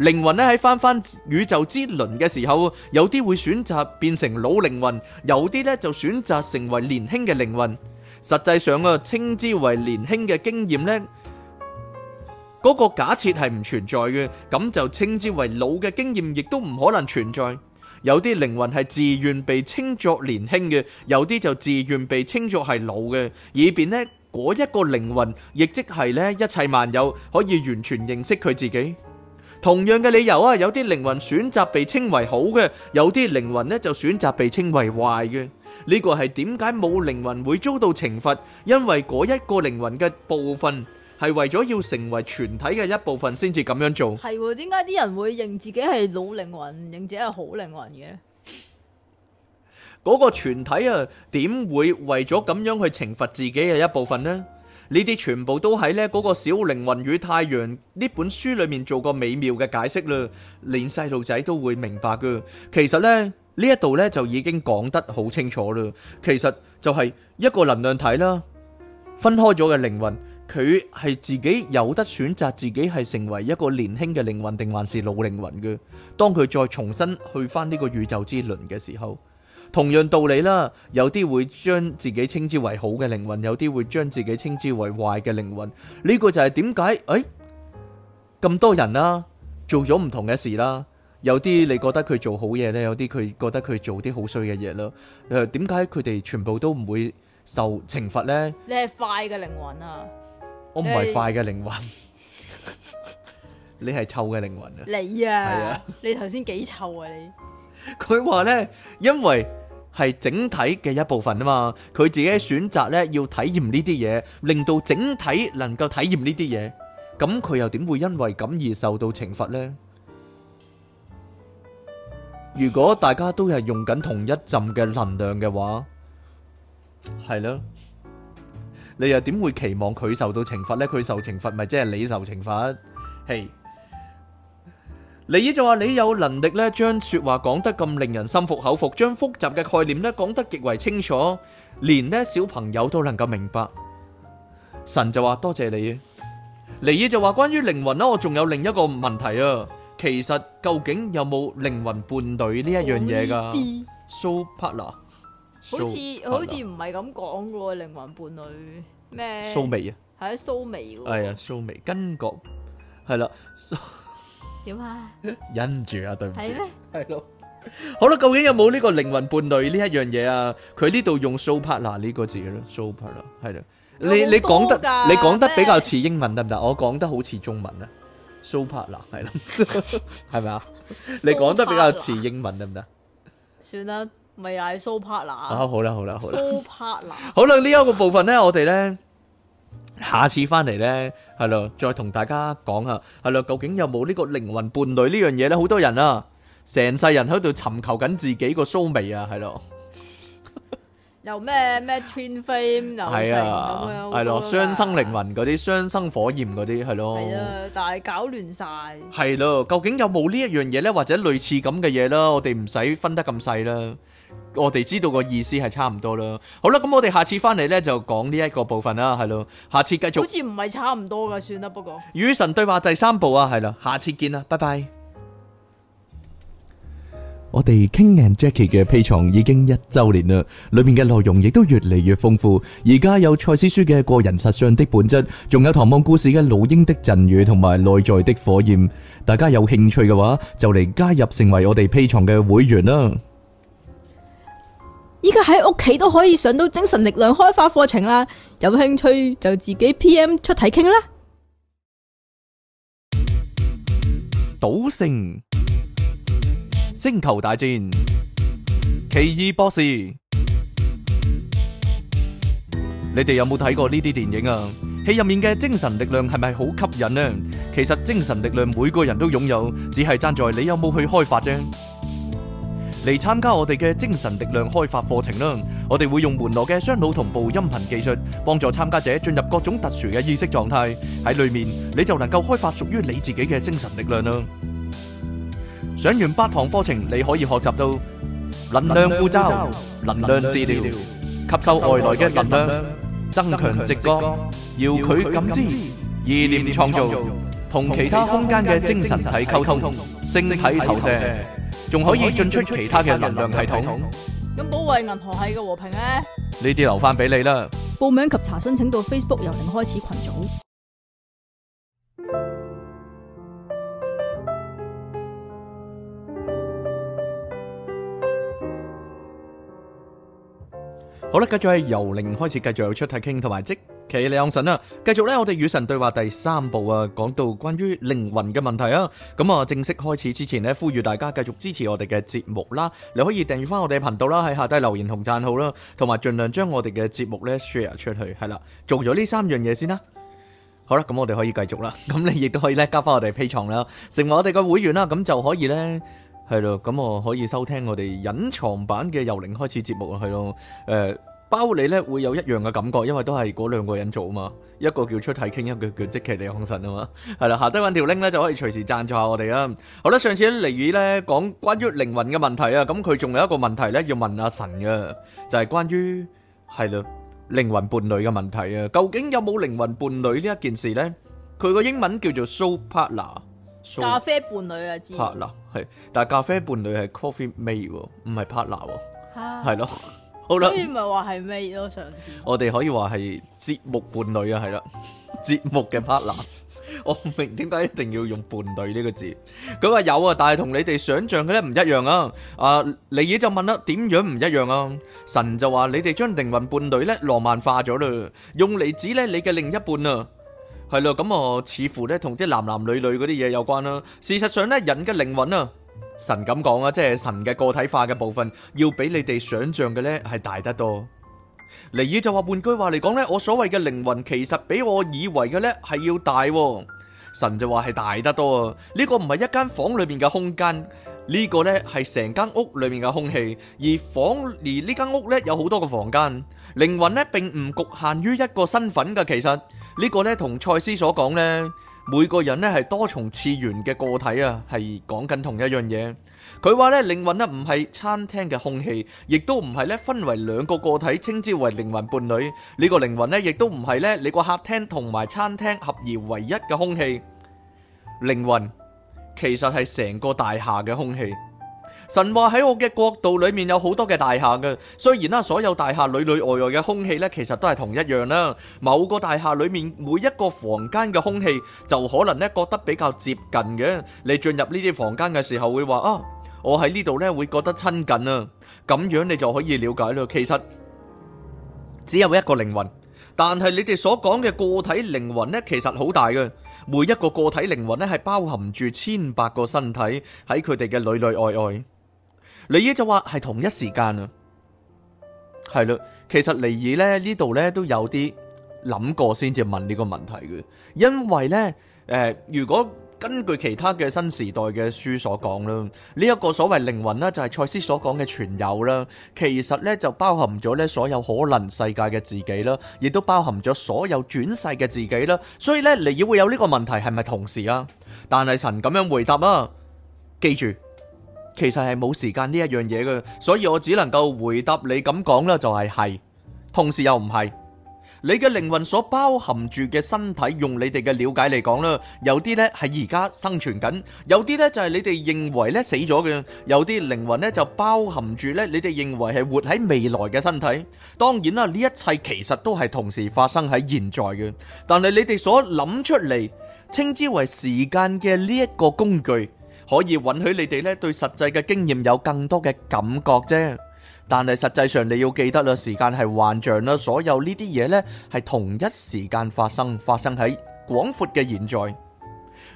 靈魂咧喺翻翻宇宙之輪嘅時候，有啲會選擇變成老靈魂，有啲咧就選擇成為年輕嘅靈魂。實際上啊，稱之為年輕嘅經驗呢，嗰個假設係唔存在嘅，咁就稱之為老嘅經驗亦都唔可能存在。有啲靈魂係自願被稱作年輕嘅，有啲就自願被稱作係老嘅，以便呢嗰一個靈魂，亦即係咧一切萬有可以完全認識佢自己。同樣嘅理由啊，有啲靈魂選擇被稱為好嘅，有啲靈魂呢就選擇被稱為壞嘅。呢個係點解冇靈魂會遭到懲罰？因為嗰一個靈魂嘅部分係為咗要成為全體嘅一部分先至咁樣做。係喎，點解啲人會認自己係老靈魂，認自己係好靈魂嘅？嗰 個全體啊，點會為咗咁樣去懲罰自己嘅一部分呢？呢啲全部都喺呢嗰個小靈魂與太陽呢本書裏面做過美妙嘅解釋啦，連細路仔都會明白㗎。其實呢，呢一度呢，就已經講得好清楚啦，其實就係一個能量體啦，分開咗嘅靈魂，佢係自己有得選擇，自己係成為一個年輕嘅靈魂定還是老靈魂嘅。當佢再重新去返呢個宇宙之輪嘅時候。同樣道理啦，有啲會將自己稱之為好嘅靈魂，有啲會將自己稱之為壞嘅靈魂。呢個就係點解？誒，咁多人啦，做咗唔同嘅事啦，有啲你覺得佢做好嘢呢，有啲佢覺得佢做啲好衰嘅嘢咯。誒，點解佢哋全部都唔會受懲罰呢？你係快嘅靈魂啊！我唔係快嘅靈魂，你係臭嘅靈魂啊！你啊，你頭先幾臭啊你？佢話呢，因為係整體嘅一部分啊嘛，佢自己選擇呢要體驗呢啲嘢，令到整體能夠體驗呢啲嘢，咁佢又點會因為咁而受到懲罰呢？如果大家都係用緊同一陣嘅能量嘅話，係咯，你又點會期望佢受到懲罰呢？佢受懲罰咪即係你受懲罰？係。尼爾就話你有能力咧，將說話講得咁令人心服口服，將複雜嘅概念咧講得極為清楚，連咧小朋友都能夠明白。神就話，多謝你。尼爾就話，關於靈魂咧，我仲有另一個問題啊。其實究竟有冇靈魂伴侶呢一樣嘢噶？蘇帕納好似好似唔係咁講嘅喎，靈魂伴侶咩？蘇眉啊，係蘇眉喎。係啊，蘇眉，感覺係啦。點啊，忍唔住啊，對唔住，係咩嗎？係咯是的， 好啦，究竟有冇呢個靈魂伴侶呢一樣嘢啊？佢呢度用 soul partner 呢個字咯，soul partner 係咯，你你講得你講得比較似英文得唔得？我講得好似中文啊 ！soul partner 係咯，係咪啊？你講得比較似英文得唔得？行行 算啦，咪又係 soul partner 啊，好啦好啦好啦，soul partner 好啦，呢一個部分咧，我哋咧。 下次翻嚟咧，係咯，再同大家講下，係咯，究竟有冇呢個靈魂伴侶呢樣嘢咧？好多人啊，成世人喺度尋求緊自己個 soulmate 啊，係咯，又咩咩 twin flame 又係啊，係咯，雙生靈魂嗰啲，雙生火焰嗰啲，係咯，係啊，但係搞亂晒，係咯，究竟有冇呢一樣嘢咧？或者類似咁嘅嘢啦，我哋唔使分得咁細啦。我哋知道個意思係差唔多啦。好啦，咁我哋下次翻嚟呢就講呢一個部分啦，係咯。下次繼續。好似唔係差唔多噶，算啦，不過與神對話第三部啊，係啦，下次見啦，拜拜。我哋 King and Jackie 嘅披床已經一周年啦，裏面嘅內容亦都越嚟越豐富。而家有賽斯書嘅個人實相的本質，仲有唐望故事嘅老鷹的贈語同埋內在的火焰。大家有興趣嘅話，就嚟加入成為我哋披床嘅會員啦。依家喺屋企都可以上到精神力量開發課程啦，有興趣就自己 PM 出題傾啦。賭聖、星球大戰、奇異博士，你哋有冇睇過呢啲電影啊？戲入面嘅精神力量係咪好吸引呢？其實精神力量每個人都擁有，只係爭在你有冇去開發啫。嚟參加我哋嘅精神力量開發課程啦！我哋會用門羅嘅雙腦同步音頻技術，幫助參加者進入各種特殊嘅意識狀態。喺裏面你就能夠開發屬於你自己嘅精神力量啦！上完八堂課程，你可以學習到能量護罩、能量治療、吸收外來嘅能量、增強直覺、遙距感知、意念創造、同其他空間嘅精神體溝通。星體投射，仲可以進出其他嘅能量系統。咁保衛銀河系嘅和平咧？呢啲留翻俾你啦。報名及查詢請到 Facebook 由零開始群組。好啦，繼續係由零開始，繼續有出體傾同埋積。奇李養神啦，繼續咧，我哋與神對話第三部啊，講到關於靈魂嘅問題啊，咁啊，正式開始之前咧，呼籲大家繼續支持我哋嘅節目啦，你可以訂閱翻我哋頻道啦，喺下低留言同讚好啦，同埋盡量將我哋嘅節目咧 share 出去，係啦，做咗呢三樣嘢先啦，好啦，咁我哋可以繼續啦，咁你亦都可以咧加翻我哋 P 藏啦，成為我哋嘅會員啦，咁就可以咧，係咯，咁我可以收聽我哋隱藏版嘅由零開始節目去咯，誒。包你咧會有一樣嘅感覺，因為都係嗰兩個人做啊嘛，一個叫出體傾，一個叫即其地講神啊嘛，係啦，下低揾條 link 咧就可以隨時贊助下我哋啊。好啦，上次黎宇咧講關於靈魂嘅問題啊，咁佢仲有一個問題咧要問阿神嘅，就係關於係咯，靈魂伴侶嘅問題啊，究竟有冇靈魂伴侶呢一件事咧？佢個英文叫做 soul partner，咖啡伴侶啊知？partner 係，但係咖啡伴侶係 coffee mate 喎，唔係 partner 喎，係咯。所以唔係話係咩咯，上次我哋可以話係節目伴侶啊，係啦，節目嘅 partner。我唔明點解一定要用伴侶呢個字。佢話有啊，但係同你哋想象嘅咧唔一樣啊。啊，尼爾就問啦，點樣唔一樣啊？神就話你哋將靈魂伴侶咧浪漫化咗啦，用嚟指咧你嘅另一半啊。係咯，咁啊，似乎咧同啲男男女女嗰啲嘢有關啦。事實上咧，人嘅靈魂啊。神咁講啊，即係神嘅個體化嘅部分，要比你哋想象嘅呢係大得多。尼爾就話，換句話嚟講呢，我所謂嘅靈魂其實比我以為嘅呢係要大、哦。神就話係大得多，啊。呢個唔係一間房裏面嘅空間，呢、這個呢係成間屋裏面嘅空氣，而房而呢間屋呢有好多個房間，靈魂呢並唔局限於一個身份噶。其實呢、這個呢同賽斯所講呢。每個人呢係多重次元嘅個體啊，係講緊同一樣嘢。佢話呢，靈魂呢唔係餐廳嘅空氣，亦都唔係呢，分為兩個個體，稱之為靈魂伴侶。呢個靈魂呢亦都唔係呢，你個客廳同埋餐廳合而為一嘅空氣。靈魂其實係成個大廈嘅空氣。神話，喺我嘅國度裏面有好多嘅大廈嘅，雖然啦，所有大廈裏裏外外嘅空氣呢，其實都係同一樣啦。某個大廈裏面每一個房間嘅空氣就可能呢覺得比較接近嘅，你進入呢啲房間嘅時候會話啊，我喺呢度呢會覺得親近啊，咁樣你就可以了解啦。其實只有一個靈魂，但係你哋所講嘅個體靈魂呢，其實好大嘅，每一個個體靈魂呢係包含住千百個身體喺佢哋嘅裏裏外外。尼爾就話係同一時間啦，係嘞。其實尼爾咧呢度咧都有啲諗過先至問呢個問題嘅，因為咧誒、呃，如果根據其他嘅新時代嘅書所講啦，呢、這、一個所謂靈魂咧就係賽斯所講嘅全有啦，其實咧就包含咗咧所有可能世界嘅自己啦，亦都包含咗所有轉世嘅自己啦，所以咧尼爾會有呢個問題係咪同時啊？但係神咁樣回答啊，記住。其實係冇時間呢一樣嘢嘅，所以我只能夠回答你咁講啦，就係係，同時又唔係。你嘅靈魂所包含住嘅身體，用你哋嘅了解嚟講啦，有啲呢係而家生存緊，有啲呢就係你哋認為呢死咗嘅，有啲靈魂呢就包含住呢，你哋認為係活喺未來嘅身體。當然啦，呢一切其實都係同時發生喺現在嘅，但係你哋所諗出嚟稱之為時間嘅呢一個工具。可以允許你哋咧對實際嘅經驗有更多嘅感覺啫，但係實際上你要記得啦，時間係幻象啦，所有呢啲嘢呢係同一時間發生，發生喺廣闊嘅現在。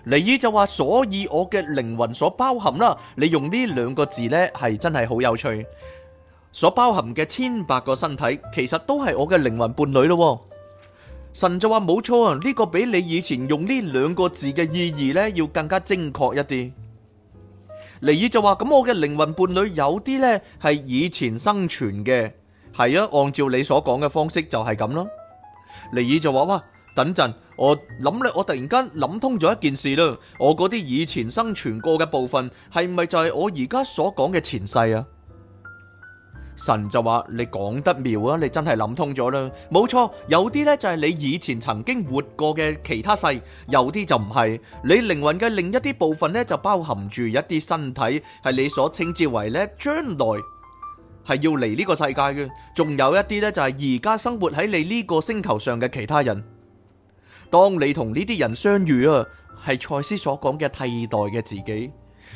尼爾就話，所以我嘅靈魂所包含啦，你用呢兩個字呢係真係好有趣，所包含嘅千百個身體其實都係我嘅靈魂伴侶咯。神就話冇錯啊，呢個比你以前用呢兩個字嘅意義呢要更加精確一啲。尼爾就話：咁我嘅靈魂伴侶有啲咧係以前生存嘅？係啊，按照你所講嘅方式就係咁咯。尼爾就話：哇，等陣我諗咧，我突然間諗通咗一件事啦，我嗰啲以前生存過嘅部分，係咪就係我而家所講嘅前世啊？神就話：你講得妙啊！你真係諗通咗啦，冇錯，有啲呢就係你以前曾經活過嘅其他世，有啲就唔係。你靈魂嘅另一啲部分呢，就包含住一啲身體，係你所稱之為呢將來係要嚟呢個世界嘅。仲有一啲呢，就係而家生活喺你呢個星球上嘅其他人。當你同呢啲人相遇啊，係賽斯所講嘅替代嘅自己。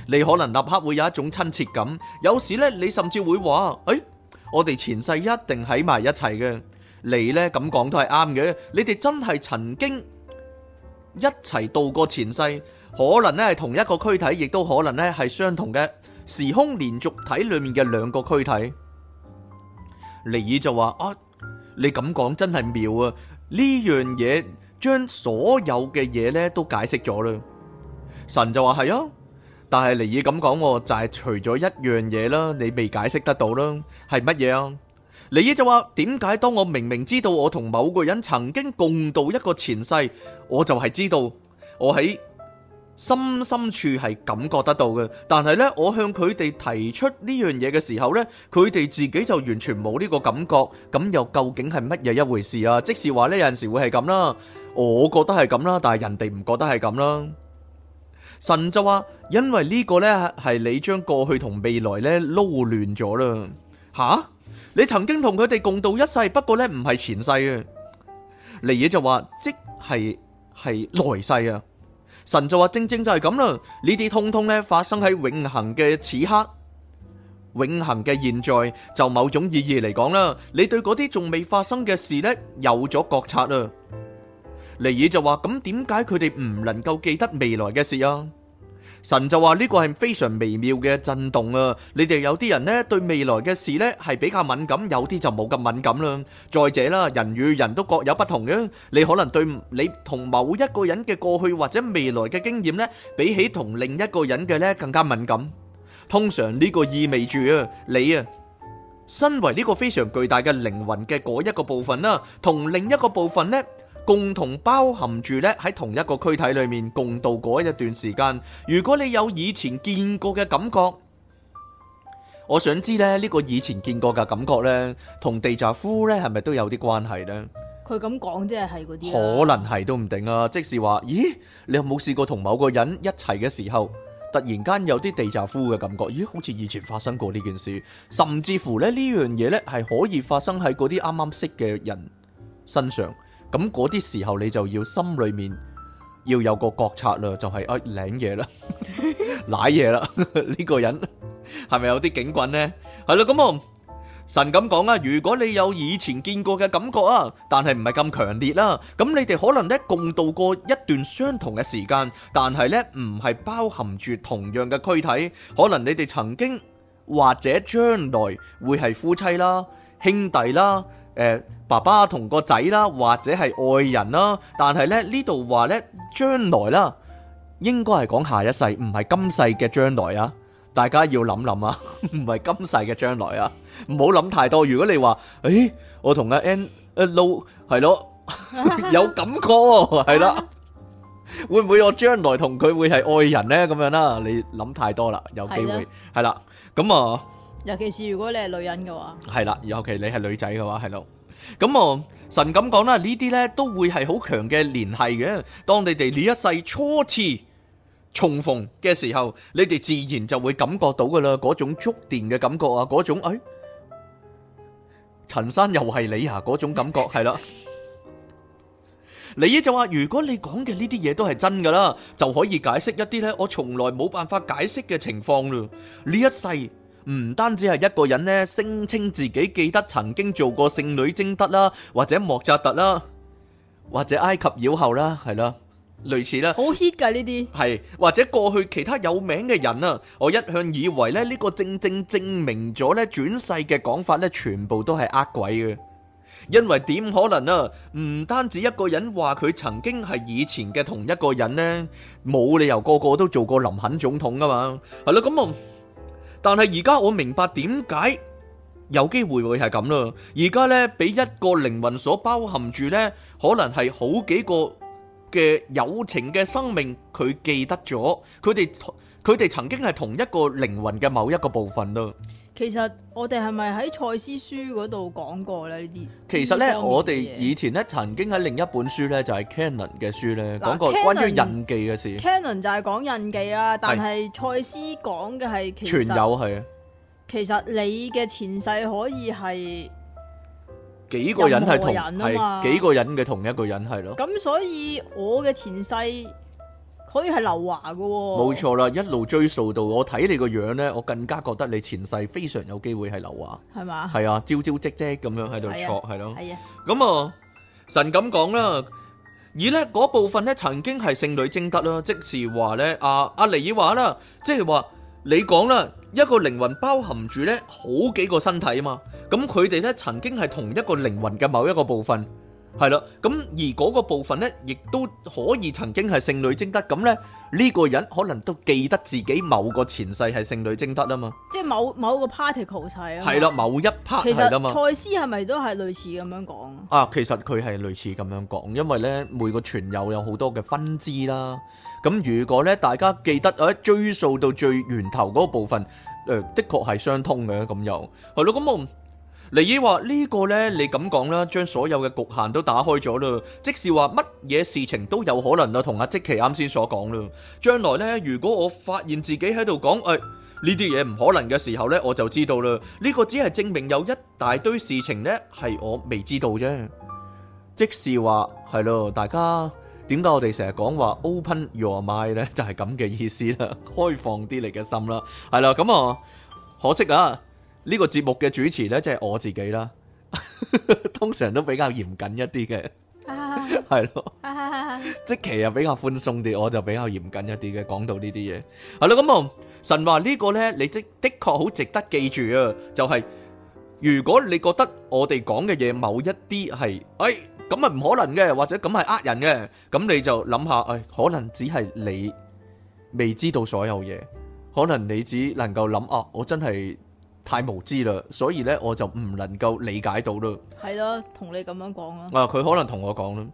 你可能立刻會有一種親切感，有時咧，你甚至會話：誒、哎，我哋前世一定喺埋一齊嘅。你呢，咁講都係啱嘅，你哋真係曾經一齊度過前世，可能呢係同一個軀體，亦都可能呢係相同嘅時空連續體裏面嘅兩個軀體。尼爾就話：啊，你咁講真係妙啊！呢樣嘢將所有嘅嘢呢都解釋咗啦。神就話：係啊。但係尼爾咁講，我就係除咗一樣嘢啦，你未解釋得到啦，係乜嘢啊？尼爾就話：點解當我明明知道我同某個人曾經共度一個前世，我就係知道我喺深深處係感覺得到嘅。但係呢，我向佢哋提出呢樣嘢嘅時候呢，佢哋自己就完全冇呢個感覺。咁又究竟係乜嘢一回事啊？即使話呢，有陣時會係咁啦，我覺得係咁啦，但係人哋唔覺得係咁啦。神就話：因為呢個呢，係你將過去同未來呢撈亂咗啦。吓，你曾經同佢哋共度一世，不過呢唔係前世啊。尼耶就話：即係係來世啊。神就話：正正就係咁啦。呢啲通通呢發生喺永恆嘅此刻，永恆嘅現在。就某種意義嚟講啦，你對嗰啲仲未發生嘅事呢，有咗覺察啊。尼爾就話：咁點解佢哋唔能夠記得未來嘅事啊？神就話呢個係非常微妙嘅震動啊！你哋有啲人呢對未來嘅事呢係比較敏感，有啲就冇咁敏感啦。再者啦，人與人都各有不同嘅，你可能對你同某一個人嘅過去或者未來嘅經驗呢，比起同另一個人嘅呢更加敏感。通常呢個意味住啊，你啊身為呢個非常巨大嘅靈魂嘅嗰一個部分啦，同另一個部分呢。共同包含住咧喺同一個軀體裏面，共度過一段時間。如果你有以前見過嘅感覺，我想知咧呢個以前見過嘅感覺呢，同地煞夫呢係咪都有啲關係呢？佢咁講即係係嗰啲，可能係都唔定啊。即是話，咦，你有冇試過同某個人一齊嘅時候，突然間有啲地煞夫嘅感覺？咦，好似以前發生過呢件事，甚至乎咧呢樣嘢呢，係可以發生喺嗰啲啱啱識嘅人身上。咁嗰啲時候，你就要心裏面要有個覺察啦，就係誒，領嘢啦，賴嘢啦，呢個人係咪有啲警棍呢？係啦，咁啊，神咁講啊，如果你有以前見過嘅感覺啊，但係唔係咁強烈啦，咁你哋可能咧共度過一段相同嘅時間，但係咧唔係包含住同樣嘅軀體，可能你哋曾經或者將來會係夫妻啦、兄弟啦。誒，爸爸同個仔啦，或者係愛人啦，但係咧呢度話呢，將來啦，應該係講下一世，唔係今世嘅將來啊！大家要諗諗啊，唔 係今世嘅將來啊，唔好諗太多。如果你話誒、欸，我同阿 N 誒 n 係咯，Lo, 有感覺係啦，會唔會我將來同佢會係愛人呢？咁樣啦，你諗太多啦，有機會係啦，咁啊的。尤其是如果你係女人嘅話，係啦，尤其你係女仔嘅話，係咯。咁我神咁講啦，呢啲咧都會係好強嘅聯繫嘅。當你哋呢一世初次重逢嘅時候，你哋自然就會感覺到噶啦，嗰種觸電嘅感覺啊，嗰種哎，陳生又係你啊，嗰種感覺係啦。你呢就話，如果你講嘅呢啲嘢都係真噶啦，就可以解釋一啲咧我從來冇辦法解釋嘅情況啦。呢一世，唔單止係一個人咧，聲稱自己記得曾經做過聖女貞德啦，或者莫扎特啦，或者埃及妖后啦，係啦，類似啦，好 hit 噶呢啲，係或者過去其他有名嘅人啊，我一向以為咧，呢個正正證明咗咧，轉世嘅講法咧，全部都係呃鬼嘅，因為點可能啊？唔單止一個人話佢曾經係以前嘅同一個人咧，冇理由個個都做過林肯總統噶嘛，係啦咁啊？但係而家我明白點解有機會會係咁咯？而家呢，俾一個靈魂所包含住呢，可能係好幾個嘅友情嘅生命，佢記得咗，佢哋佢哋曾經係同一個靈魂嘅某一個部分咯。其實我哋係咪喺賽斯書嗰度講過咧呢啲？其實呢，我哋以前咧曾經喺另一本書呢，就係、是、Canon 嘅書呢，啊、講過關於印記嘅事。Canon 就係講印記啦，是但係賽斯講嘅係其實，全有係啊，其實你嘅前世可以係幾個人係同係幾個人嘅同一個人係咯。咁所以我嘅前世，可以係劉華嘅喎，冇錯啦，一路追溯到我睇你個樣呢，我更加覺得你前世非常有機會係劉華，係嘛吧？係啊，朝朝夕夕咁樣喺度錯係咯，係啊。咁啊，的嗯、神咁講啦，而呢嗰部分呢，曾經係聖女貞德啦，即是話呢，阿、啊、阿、啊、尼爾話啦，即係話你講啦，一個靈魂包含住呢好幾個身體啊嘛，咁佢哋呢，曾經係同一個靈魂嘅某一個部分。係啦，咁而嗰個部分咧，亦都可以曾經係聖女貞德咁咧，呢個人可能都記得自己某個前世係聖女貞德啊嘛，即係某某個 particle 係啊，係啦，某一 part 係啊嘛。其實賽斯係咪都係類似咁樣講啊？啊，其實佢係類似咁樣講，因為咧，每個全又有好多嘅分支啦。咁如果咧，大家記得，誒追溯到最源頭嗰個部分，誒的確係相通嘅。咁又係咯，咁我。尼爾話呢個咧，你咁講啦，將所有嘅局限都打開咗啦，即是話乜嘢事情都有可能啊，同阿積奇啱先所講啦。將來咧，如果我發現自己喺度講誒呢啲嘢唔可能嘅時候咧，我就知道啦。呢個只係證明有一大堆事情咧係我未知道啫。即是話，係咯，大家點解我哋成日講話 open your mind 咧，就係咁嘅意思啦，開放啲你嘅心啦。係啦，咁啊，可惜啊。呢個節目嘅主持呢，即係我自己啦。通常都比較嚴謹一啲嘅，係咯。即其實比較寬鬆啲，我就比較嚴謹一啲嘅講到呢啲嘢，係咯。咁啊，神話呢個呢，你即的確好值得記住啊。就係如果你覺得我哋講嘅嘢，某一啲係誒咁啊唔可能嘅，或者咁係呃人嘅，咁你就諗下誒，可能只係你未知道所有嘢，可能你只能夠諗啊，我真係。太無知啦，所以咧我就唔能夠理解到咯。係咯，同你咁樣講啦。啊，佢可能同我講啦。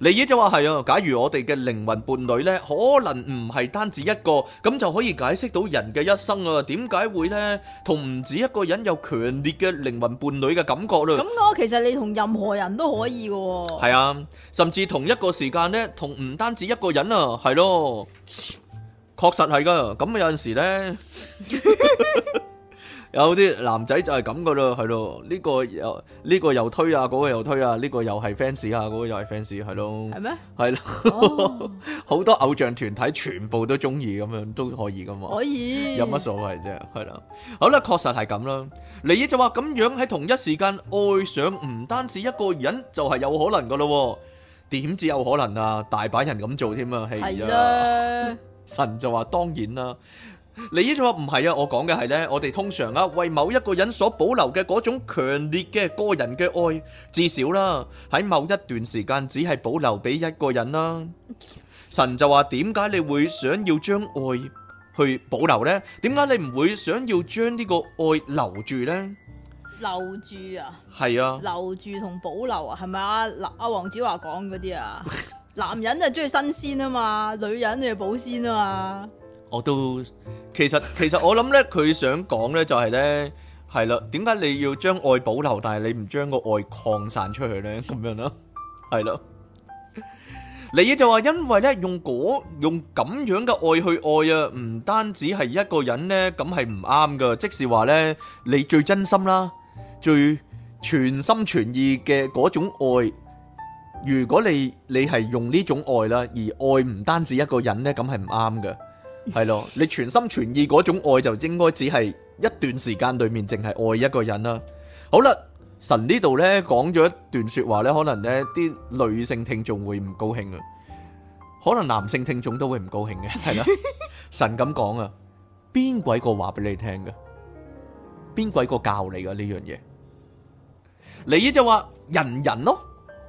你一就話係啊，假如我哋嘅靈魂伴侶咧，可能唔係單止一個，咁就可以解釋到人嘅一生啊。點解會咧同唔止一個人有強烈嘅靈魂伴侶嘅感覺咧？咁咯，其實你同任何人都可以嘅。係啊，甚至同一個時間咧，同唔單止一個人啊，係咯，確實係噶。咁有陣時咧。有啲男仔就係咁噶咯係咯，呢、這個又呢、這個又推啊，嗰、那個又推啊，呢、這個又係 fans 啊，嗰、那個又係 fans，係咯。係咩？係啦，好多偶像團體全部都中意咁樣都可以噶嘛。可以。有乜所謂啫？係啦，好啦，確實係咁啦。尼爾就話咁樣喺同一時間愛上唔單止一個人，就係有可能噶咯點至有可能啊？大把人咁做添啊。係啊。的 神就話當然啦。你呢種唔係啊，我講嘅係呢，我哋通常啊，為某一個人所保留嘅嗰種強烈嘅個人嘅愛，至少啦，喺某一段時間只係保留俾一個人啦。神就話：點解你會想要將愛去保留呢？點解你唔會想要將呢個愛留住呢？留住啊？係啊，留住同保留啊？係咪啊？阿阿黃子華講嗰啲啊？男人就中意新鮮啊嘛，女人就係保鮮啊嘛。我都其實其實我諗咧，佢想講咧就係咧係啦，點解你要將愛保留，但係你唔將個愛擴散出去咧咁樣啦？係啦，你嘢就話因為咧用嗰用咁樣嘅愛去愛啊，唔單止係一個人咧，咁係唔啱噶。即是話咧，你最真心啦，最全心全意嘅嗰種愛，如果你你係用呢種愛啦，而愛唔單止一個人咧，咁係唔啱噶。係咯，你全心全意嗰種愛就應該只係一段時間裏面淨係愛一個人啦。好啦，神呢度呢講咗一段說話呢，可能呢啲女性聽眾會唔高興啊，可能男性聽眾都會唔高興嘅。係啦，神咁講啊，邊鬼個話俾你聽噶？邊鬼個教你噶呢樣嘢？你依就話人人咯。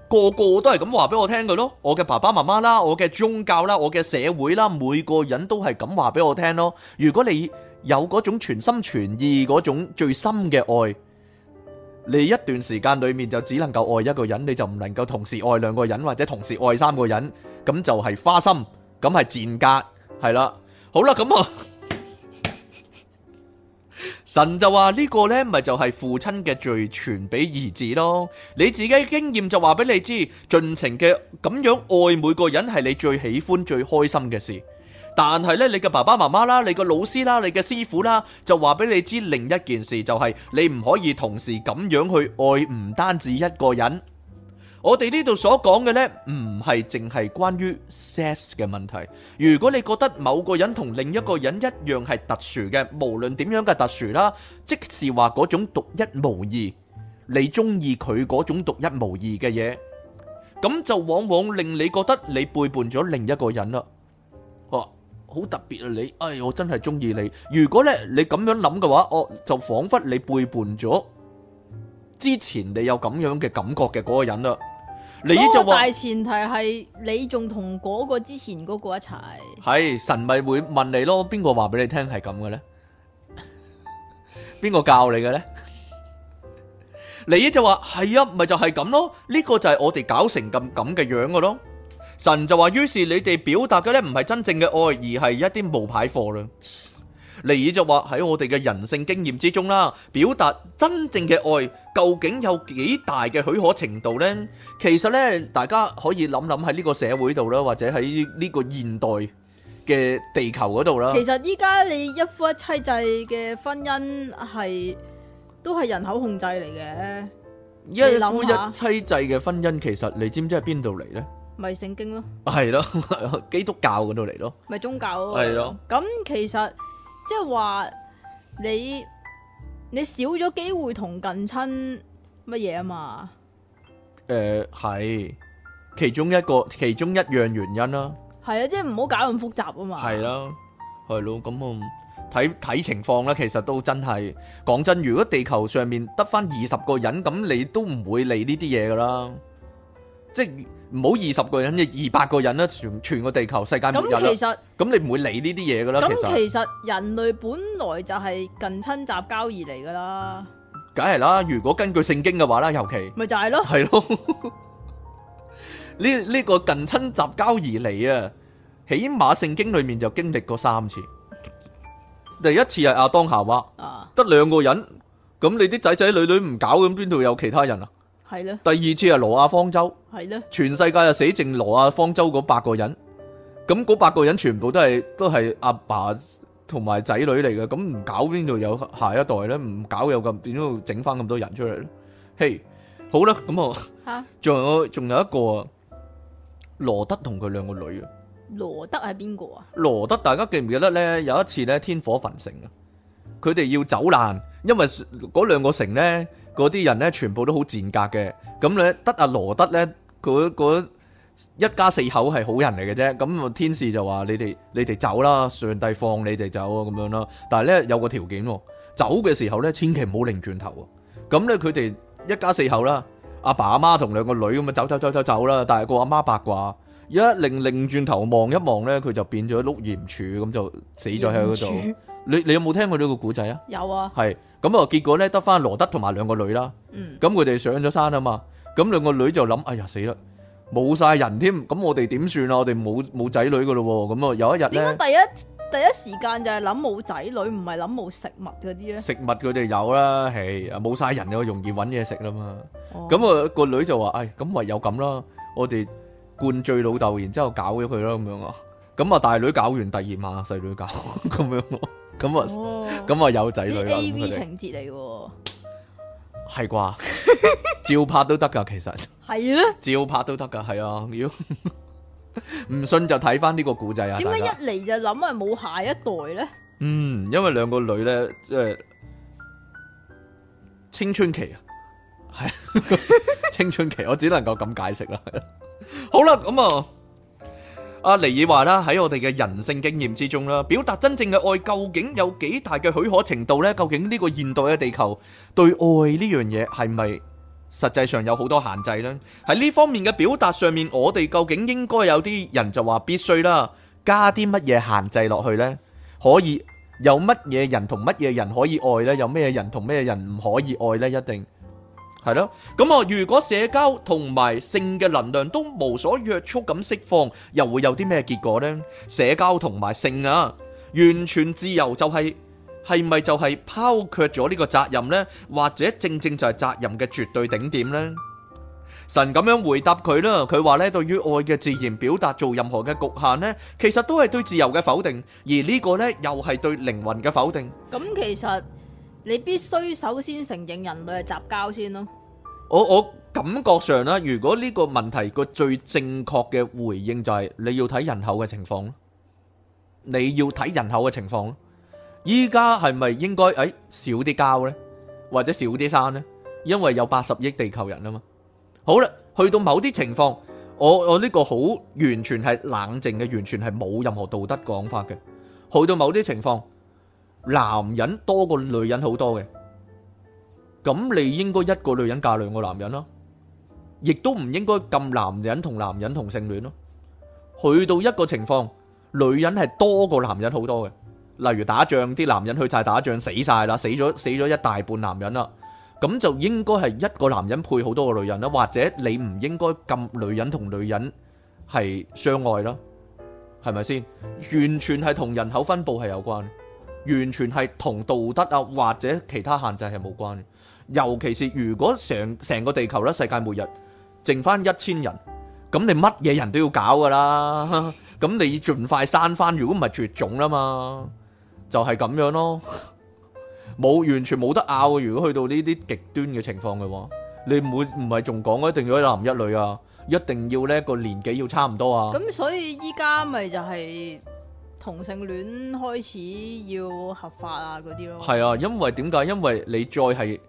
個個都係咁話俾我聽嘅咯，我嘅爸爸媽媽啦，我嘅宗教啦，我嘅社會啦，每個人都係咁話俾我聽咯。如果你有嗰種全心全意嗰種最深嘅愛，你一段時間裏面就只能夠愛一個人，你就唔能夠同時愛兩個人或者同時愛三個人，咁就係花心，咁係賤格，係啦，好啦，咁啊。神就話呢個呢，咪就係父親嘅罪傳俾兒子咯。你自己經驗就話俾你知，盡情嘅咁樣愛每個人係你最喜歡、最開心嘅事。但係呢，你嘅爸爸媽媽啦，你嘅老師啦，你嘅師傅啦，就話俾你知另一件事，就係你唔可以同時咁樣去愛唔單止一個人。我哋呢度所講嘅呢，唔係淨係關於 sex 嘅問題。如果你覺得某個人同另一個人一樣係特殊嘅，無論點樣嘅特殊啦，即是話嗰種獨一無二，你中意佢嗰種獨一無二嘅嘢，咁就往往令你覺得你背叛咗另一個人啦。哇，好特別啊你！哎，我真係中意你。如果呢你咁樣諗嘅話，我，就仿佛你背叛咗。之前你有咁樣嘅感覺嘅嗰個人啦，你依就話大前提係你仲同嗰個之前嗰個一齊，係，神咪會問你咯？邊個話俾你聽係咁嘅咧？邊個教你嘅咧？你依就話係啊，咪就係咁咯？呢個就係我哋搞成咁咁嘅樣嘅咯。神就話，於是你哋表達嘅咧唔係真正嘅愛，而係一啲冒牌貨啦。尼爾就話喺我哋嘅人性經驗之中啦，表達真正嘅愛究竟有幾大嘅許可程度呢？其實呢，大家可以諗諗喺呢個社會度啦，或者喺呢個現代嘅地球嗰度啦。其實依家你一夫一妻制嘅婚姻係都係人口控制嚟嘅。一夫一妻制嘅婚姻，其實你知唔知係邊度嚟呢？咪聖經咯，係咯，基督教嗰度嚟咯，咪宗教咯，係咯。咁其實。即係話，你你少咗機會同近親乜嘢啊嘛？誒係、呃、其中一個其中一樣原因啦。係啊，即係唔好搞咁複雜啊嘛。係咯係咯，咁我睇睇情況啦。其實都真係講真，如果地球上面得翻二十個人，咁你都唔會理呢啲嘢噶啦。即唔好二十個人，二百個人啦，全全個地球世界唔有啦。咁其實，咁你唔會理呢啲嘢噶啦。咁其實人類本來就係近親雜交而嚟噶啦。梗係啦，如果根據聖經嘅話啦，尤其咪就係咯，係咯。呢呢個近親雜交而嚟啊，起碼聖經裏面就經歷過三次。第一次係亞當夏娃，得兩個人，咁你啲仔仔女女唔搞，咁邊度有其他人啊？係啦，第二次係羅亞方舟，係啦的，全世界啊死剩羅亞方舟嗰八個人，咁嗰八個人全部都係都係阿爸同埋仔女嚟嘅，咁唔搞邊度有下一代咧？唔搞有咁點樣整翻咁多人出嚟咧？嘿、hey，好啦，咁啊哈，仲有仲有一個，羅個羅啊，羅德同佢兩個女啊，羅德係邊個啊？羅德，大家記唔記得咧？有一次咧，天火焚城啊，佢哋要走難，因為嗰兩個城咧。嗰啲人咧，全部都好賤格嘅，咁咧得阿羅德咧，佢嗰一家四口係好人嚟嘅啫，咁、嗯、天使就話：你哋你哋走啦，上帝放你哋走啊，咁樣啦。但係咧有個條件喎，走嘅時候咧，千祈唔好擰轉頭啊。咁咧佢哋一家四口啦，阿爸阿媽同兩個女咁啊走走走走走啦。但係個阿媽、媽八卦，一擰擰轉頭望一望咧，佢就變咗碌鹽柱，咁就死咗喺嗰度。你你有冇聽過呢個古仔啊？有啊，係。咁啊，結果咧得翻羅德同埋兩個女啦。咁佢哋上咗山啊嘛，咁兩個女就諗，哎呀死啦，冇晒人添，咁我哋點算啊？我哋冇冇仔女噶咯喎。咁啊，有一日咧，點解第一第一時間就係諗冇仔女，唔係諗冇食物嗰啲咧？食物佢哋有啦，係啊，冇晒人又容易搵嘢食啦嘛。咁啊個女就話，哎，咁唯有咁啦，我哋灌醉老豆，然之後搞咗佢啦咁樣啊。咁啊大女搞完第二晚，細女搞咁樣。咁啊，咁啊、哦、有仔女啦，A. V. 情節嚟喎，係啩吧？ 照拍都得噶，其實係啊，嗎照拍都得噶，係啊，要唔 信就睇翻呢個古仔啊！點解一嚟就諗啊冇下一代咧？嗯，因為兩個女咧，即、就、係、是、青春期啊，係 青春期，我只能夠咁解釋啦。 好啦，咁啊。阿、啊、尼爾話啦，喺我哋嘅人性經驗之中啦，表達真正嘅愛究竟有幾大嘅許可程度呢？究竟呢個現代嘅地球對愛呢樣嘢係咪實際上有好多限制呢？喺呢方面嘅表達上面，我哋究竟應該有啲人就話必須啦，加啲乜嘢限制落去呢？可以有乜嘢人同乜嘢人可以愛呢？有咩人同咩人唔可以愛呢？一定。係咯，咁啊，如果社交同埋性嘅能量都無所約束咁釋放，又會有啲咩結果呢？社交同埋性啊，完全自由就係係咪就係拋卻咗呢個責任呢？或者正正就係責任嘅絕對頂點呢？神咁樣回答佢啦，佢話咧，對於愛嘅自然表達做任何嘅局限呢，其實都係對自由嘅否定，而呢個呢又係對靈魂嘅否定。咁其實。你必須首先承認人類係雜交先咯。我我感覺上啦，如果呢個問題個最正確嘅回應就係、是、你要睇人口嘅情況咯。你要睇人口嘅情況咯。依家係咪應該誒，少啲交呢？或者少啲生呢？因為有八十億地球人啊嘛。好啦，去到某啲情況，我我呢個好完全係冷靜嘅，完全係冇任何道德講法嘅。去到某啲情況。男人多過女人好多嘅，咁你應該一個女人嫁兩個男人咯，亦都唔應該咁男人同男人同性戀咯。去到一個情況，女人係多過男人好多嘅，例如打仗啲男人去晒打仗死晒啦，死咗死咗一大半男人啦，咁就應該係一個男人配好多個女人啦，或者你唔應該咁女人同女人係相愛咯，係咪先？完全係同人口分佈係有關。完全係同道德啊，或者其他限制係冇關嘅。尤其是如果成成個地球咧，世界末日剩翻一千人，咁你乜嘢人都要搞噶啦。咁你盡快生翻，如果唔係絕種啦嘛，就係咁樣咯。冇完全冇得拗嘅。如果去到呢啲極端嘅情況嘅話，你唔會唔係仲講一定要一男一女啊，一定要呢個年紀要差唔多啊。咁所以依家咪就係。同性戀開始要合法啊嗰啲咯，係啊，因為點解？因為你再係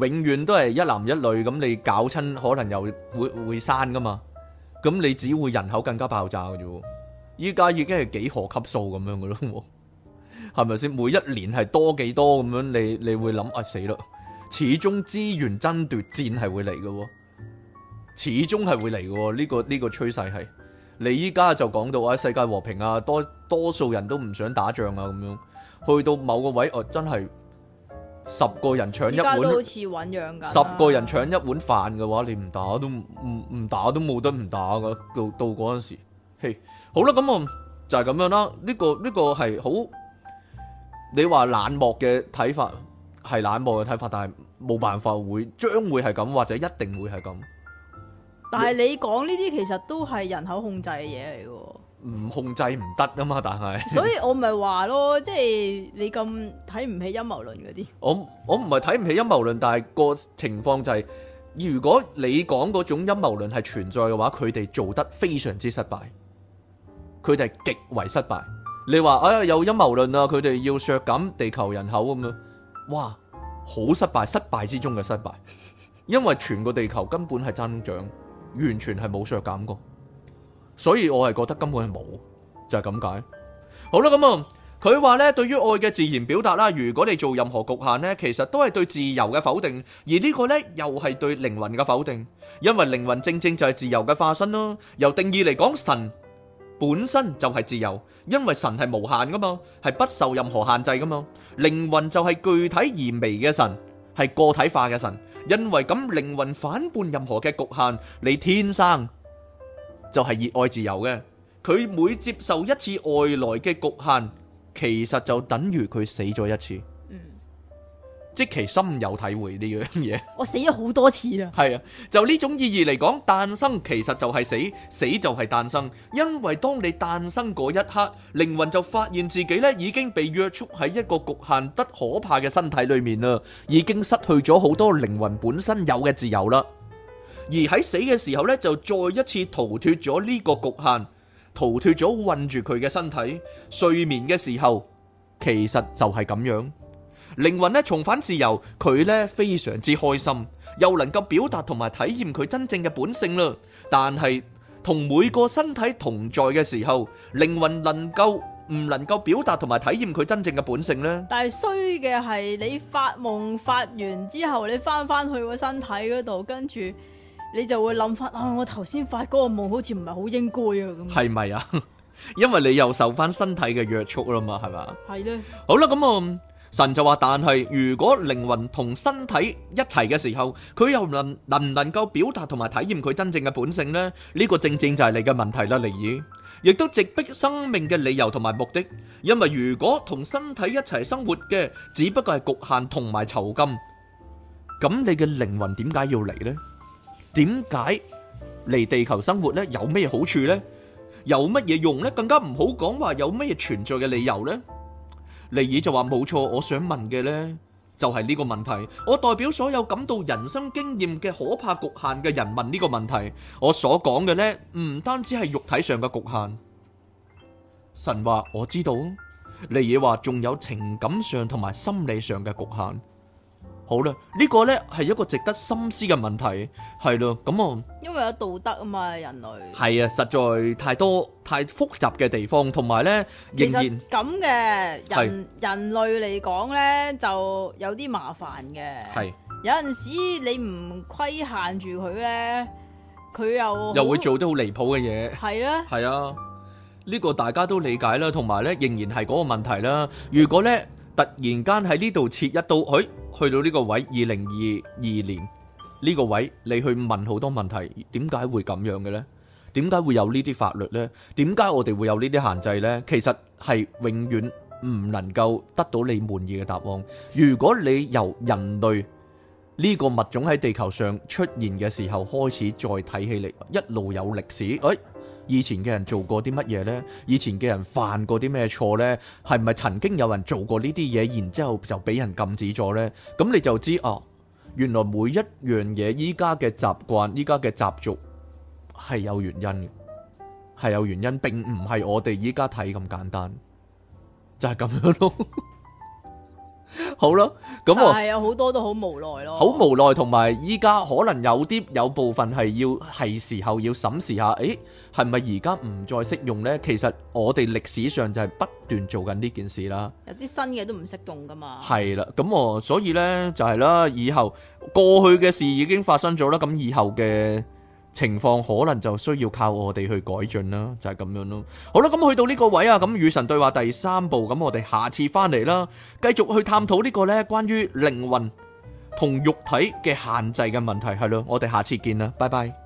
永遠都係一男一女咁，你搞親可能又會會生噶嘛，咁你只會人口更加爆炸嘅啫喎。依家已經係幾何級數咁樣嘅咯喎，係咪先？每一年係多幾多咁樣你，你你會諗啊死咯，始終資源爭奪戰係會嚟嘅喎，始終係會嚟嘅喎，呢個呢個趨勢係。你依家就講到啊、哎，世界和平啊，多多數人都唔想打仗啊，咁樣去到某個位，哦、啊，真係十個人搶一碗，好十個人搶一碗飯嘅話，你唔打都唔唔打都冇得唔打噶。到到嗰陣時，嘿，好啦，咁、嗯、我就係、係、咁樣啦。呢、呢個呢、呢個係好你話冷漠嘅睇法，係冷漠嘅睇法，但係冇辦法會將會係咁，或者一定會係咁。但係你講呢啲其實都係人口控制嘅嘢嚟嘅，唔控制唔得噶嘛。但係， 所以我咪話咯，即係你咁睇唔起陰謀論嗰啲。我我唔係睇唔起陰謀論，但係個情況就係，如果你講嗰種陰謀論係存在嘅話，佢哋做得非常之失敗，佢哋係極為失敗。你話哎呀有陰謀論啊，佢哋要削減地球人口咁樣，哇，好失敗，失敗之中嘅失敗，因為全個地球根本係增長。完全係冇削減過，所以我係覺得根本係冇，就係咁解。好啦，咁啊，佢話呢，對於愛嘅自然表達啦，如果你做任何局限呢，其實都係對自由嘅否定，而呢個呢，又係對靈魂嘅否定，因為靈魂正正就係自由嘅化身咯。由定義嚟講，神本身就係自由，因為神係無限噶嘛，係不受任何限制噶嘛。靈魂就係具體而微嘅神，係個體化嘅神。因為咁，靈魂反叛任何嘅局限，你天生就係、是、熱愛自由嘅。佢每接受一次外來嘅局限，其實就等於佢死咗一次。即，其深有體會呢樣嘢，我死咗好多次啦。係啊，就呢種意義嚟講，誕生其實就係死，死就係誕生。因為當你誕生嗰一刻，靈魂就發現自己咧已經被約束喺一個局限得可怕嘅身體裏面啦，已經失去咗好多靈魂本身有嘅自由啦。而喺死嘅時候咧，就再一次逃脫咗呢個局限，逃脫咗困住佢嘅身體。睡眠嘅時候，其實就係咁樣。靈魂咧重返自由，佢咧非常之開心，又能夠表達同埋體驗佢真正嘅本性啦。但係同每個身體同在嘅時候，靈魂能夠唔能夠表達同埋體驗佢真正嘅本性呢？但係衰嘅係你發夢發完之後，你翻翻去個身體嗰度，跟住你就會諗翻啊！我頭先發嗰個夢好似唔係好應該啊咁。係咪啊？因為你又受翻身體嘅約束啦嘛，係嘛？係囉。好啦，咁啊。神就話但係，如果靈魂同身體一齊嘅時候，佢又能能唔能夠表達同埋體驗佢真正嘅本性呢？呢個正正就係你嘅問題啦，尼爾。亦都直逼生命嘅理由同埋目的。因為如果同身體一齊生活嘅，只不過係局限同埋囚禁。咁你嘅靈魂點解要嚟呢？點解嚟地球生活呢？有咩好處呢？有乜嘢用呢？更加唔好講話有咩嘢存在嘅理由呢？尼爾就話，冇錯，我想問嘅呢，就係呢個問題，我代表所有感到人生經驗嘅可怕局限嘅人問呢個問題。我所講嘅呢，唔單止係肉體上嘅局限，神話，我知道。尼爾話，仲有情感上同埋心理上嘅局限。好啦，呢個咧係一個值得深思嘅問題，係咯咁啊，因為有道德啊嘛，人類係啊，實在太多太複雜嘅地方，同埋咧，仍然咁嘅人人類嚟講咧就有啲麻煩嘅，係有陣時你唔規限住佢咧，佢又又會做啲好離譜嘅嘢，係啦，係啊，呢個大家都理解啦，同埋咧仍然係嗰個問題啦。如果咧突然間喺呢度切一刀去。去到呢個位，二零二二年呢個位，你去問好多問題，點解會咁樣嘅呢？點解會有呢啲法律呢？點解我哋會有呢啲限制呢？其實係永遠唔能夠得到你滿意嘅答案。如果你由人類呢個物種喺地球上出現嘅時候開始，再睇起嚟，一路有歷史，誒。以前嘅人做過啲乜嘢呢？以前嘅人犯過啲咩錯呢？係咪曾經有人做過呢啲嘢，然之後就俾人禁止咗呢？咁你就知哦、啊，原來每一樣嘢依家嘅習慣、依家嘅習俗係有原因嘅，係有原因並唔係我哋依家睇咁簡單，就係、是、咁樣咯。 好啦，咁係有好多都好無奈咯，好無奈，同埋依家可能有啲有部分係要係時候要審視下，誒，係咪而家唔再適用呢？其實我哋歷史上就係不斷做緊呢件事啦，有啲新嘅都唔識用噶嘛，係啦，咁我所以呢，就係啦，以後過去嘅事已經發生咗啦，咁以後嘅。情況可能就需要靠我哋去改進啦，就係咁樣咯。好啦，咁去到呢個位啊，咁與神對話第三部，咁我哋下次翻嚟啦，繼續去探討呢個呢關於靈魂同肉體嘅限制嘅問題，係咯，我哋下次見啦，拜拜。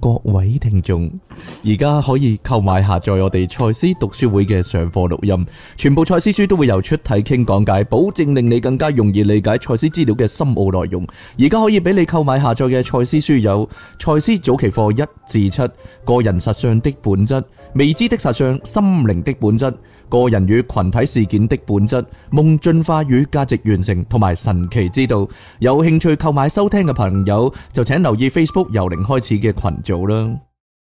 各位聽眾，而家可以購買下載我哋賽斯讀書會嘅上課錄音，全部賽斯書都會由出體傾講解，保證令你更加容易理解賽斯資料嘅深奧內容。而家可以俾你購買下載嘅賽斯書有《賽斯早期課一至七》、《個人實相的本質》、《未知的實相》、《心靈的本質》。個人與群體事件的本質、夢進化與價值完成同埋神奇之道，有興趣購買收聽嘅朋友就請留意 Facebook 由零開始嘅群組啦。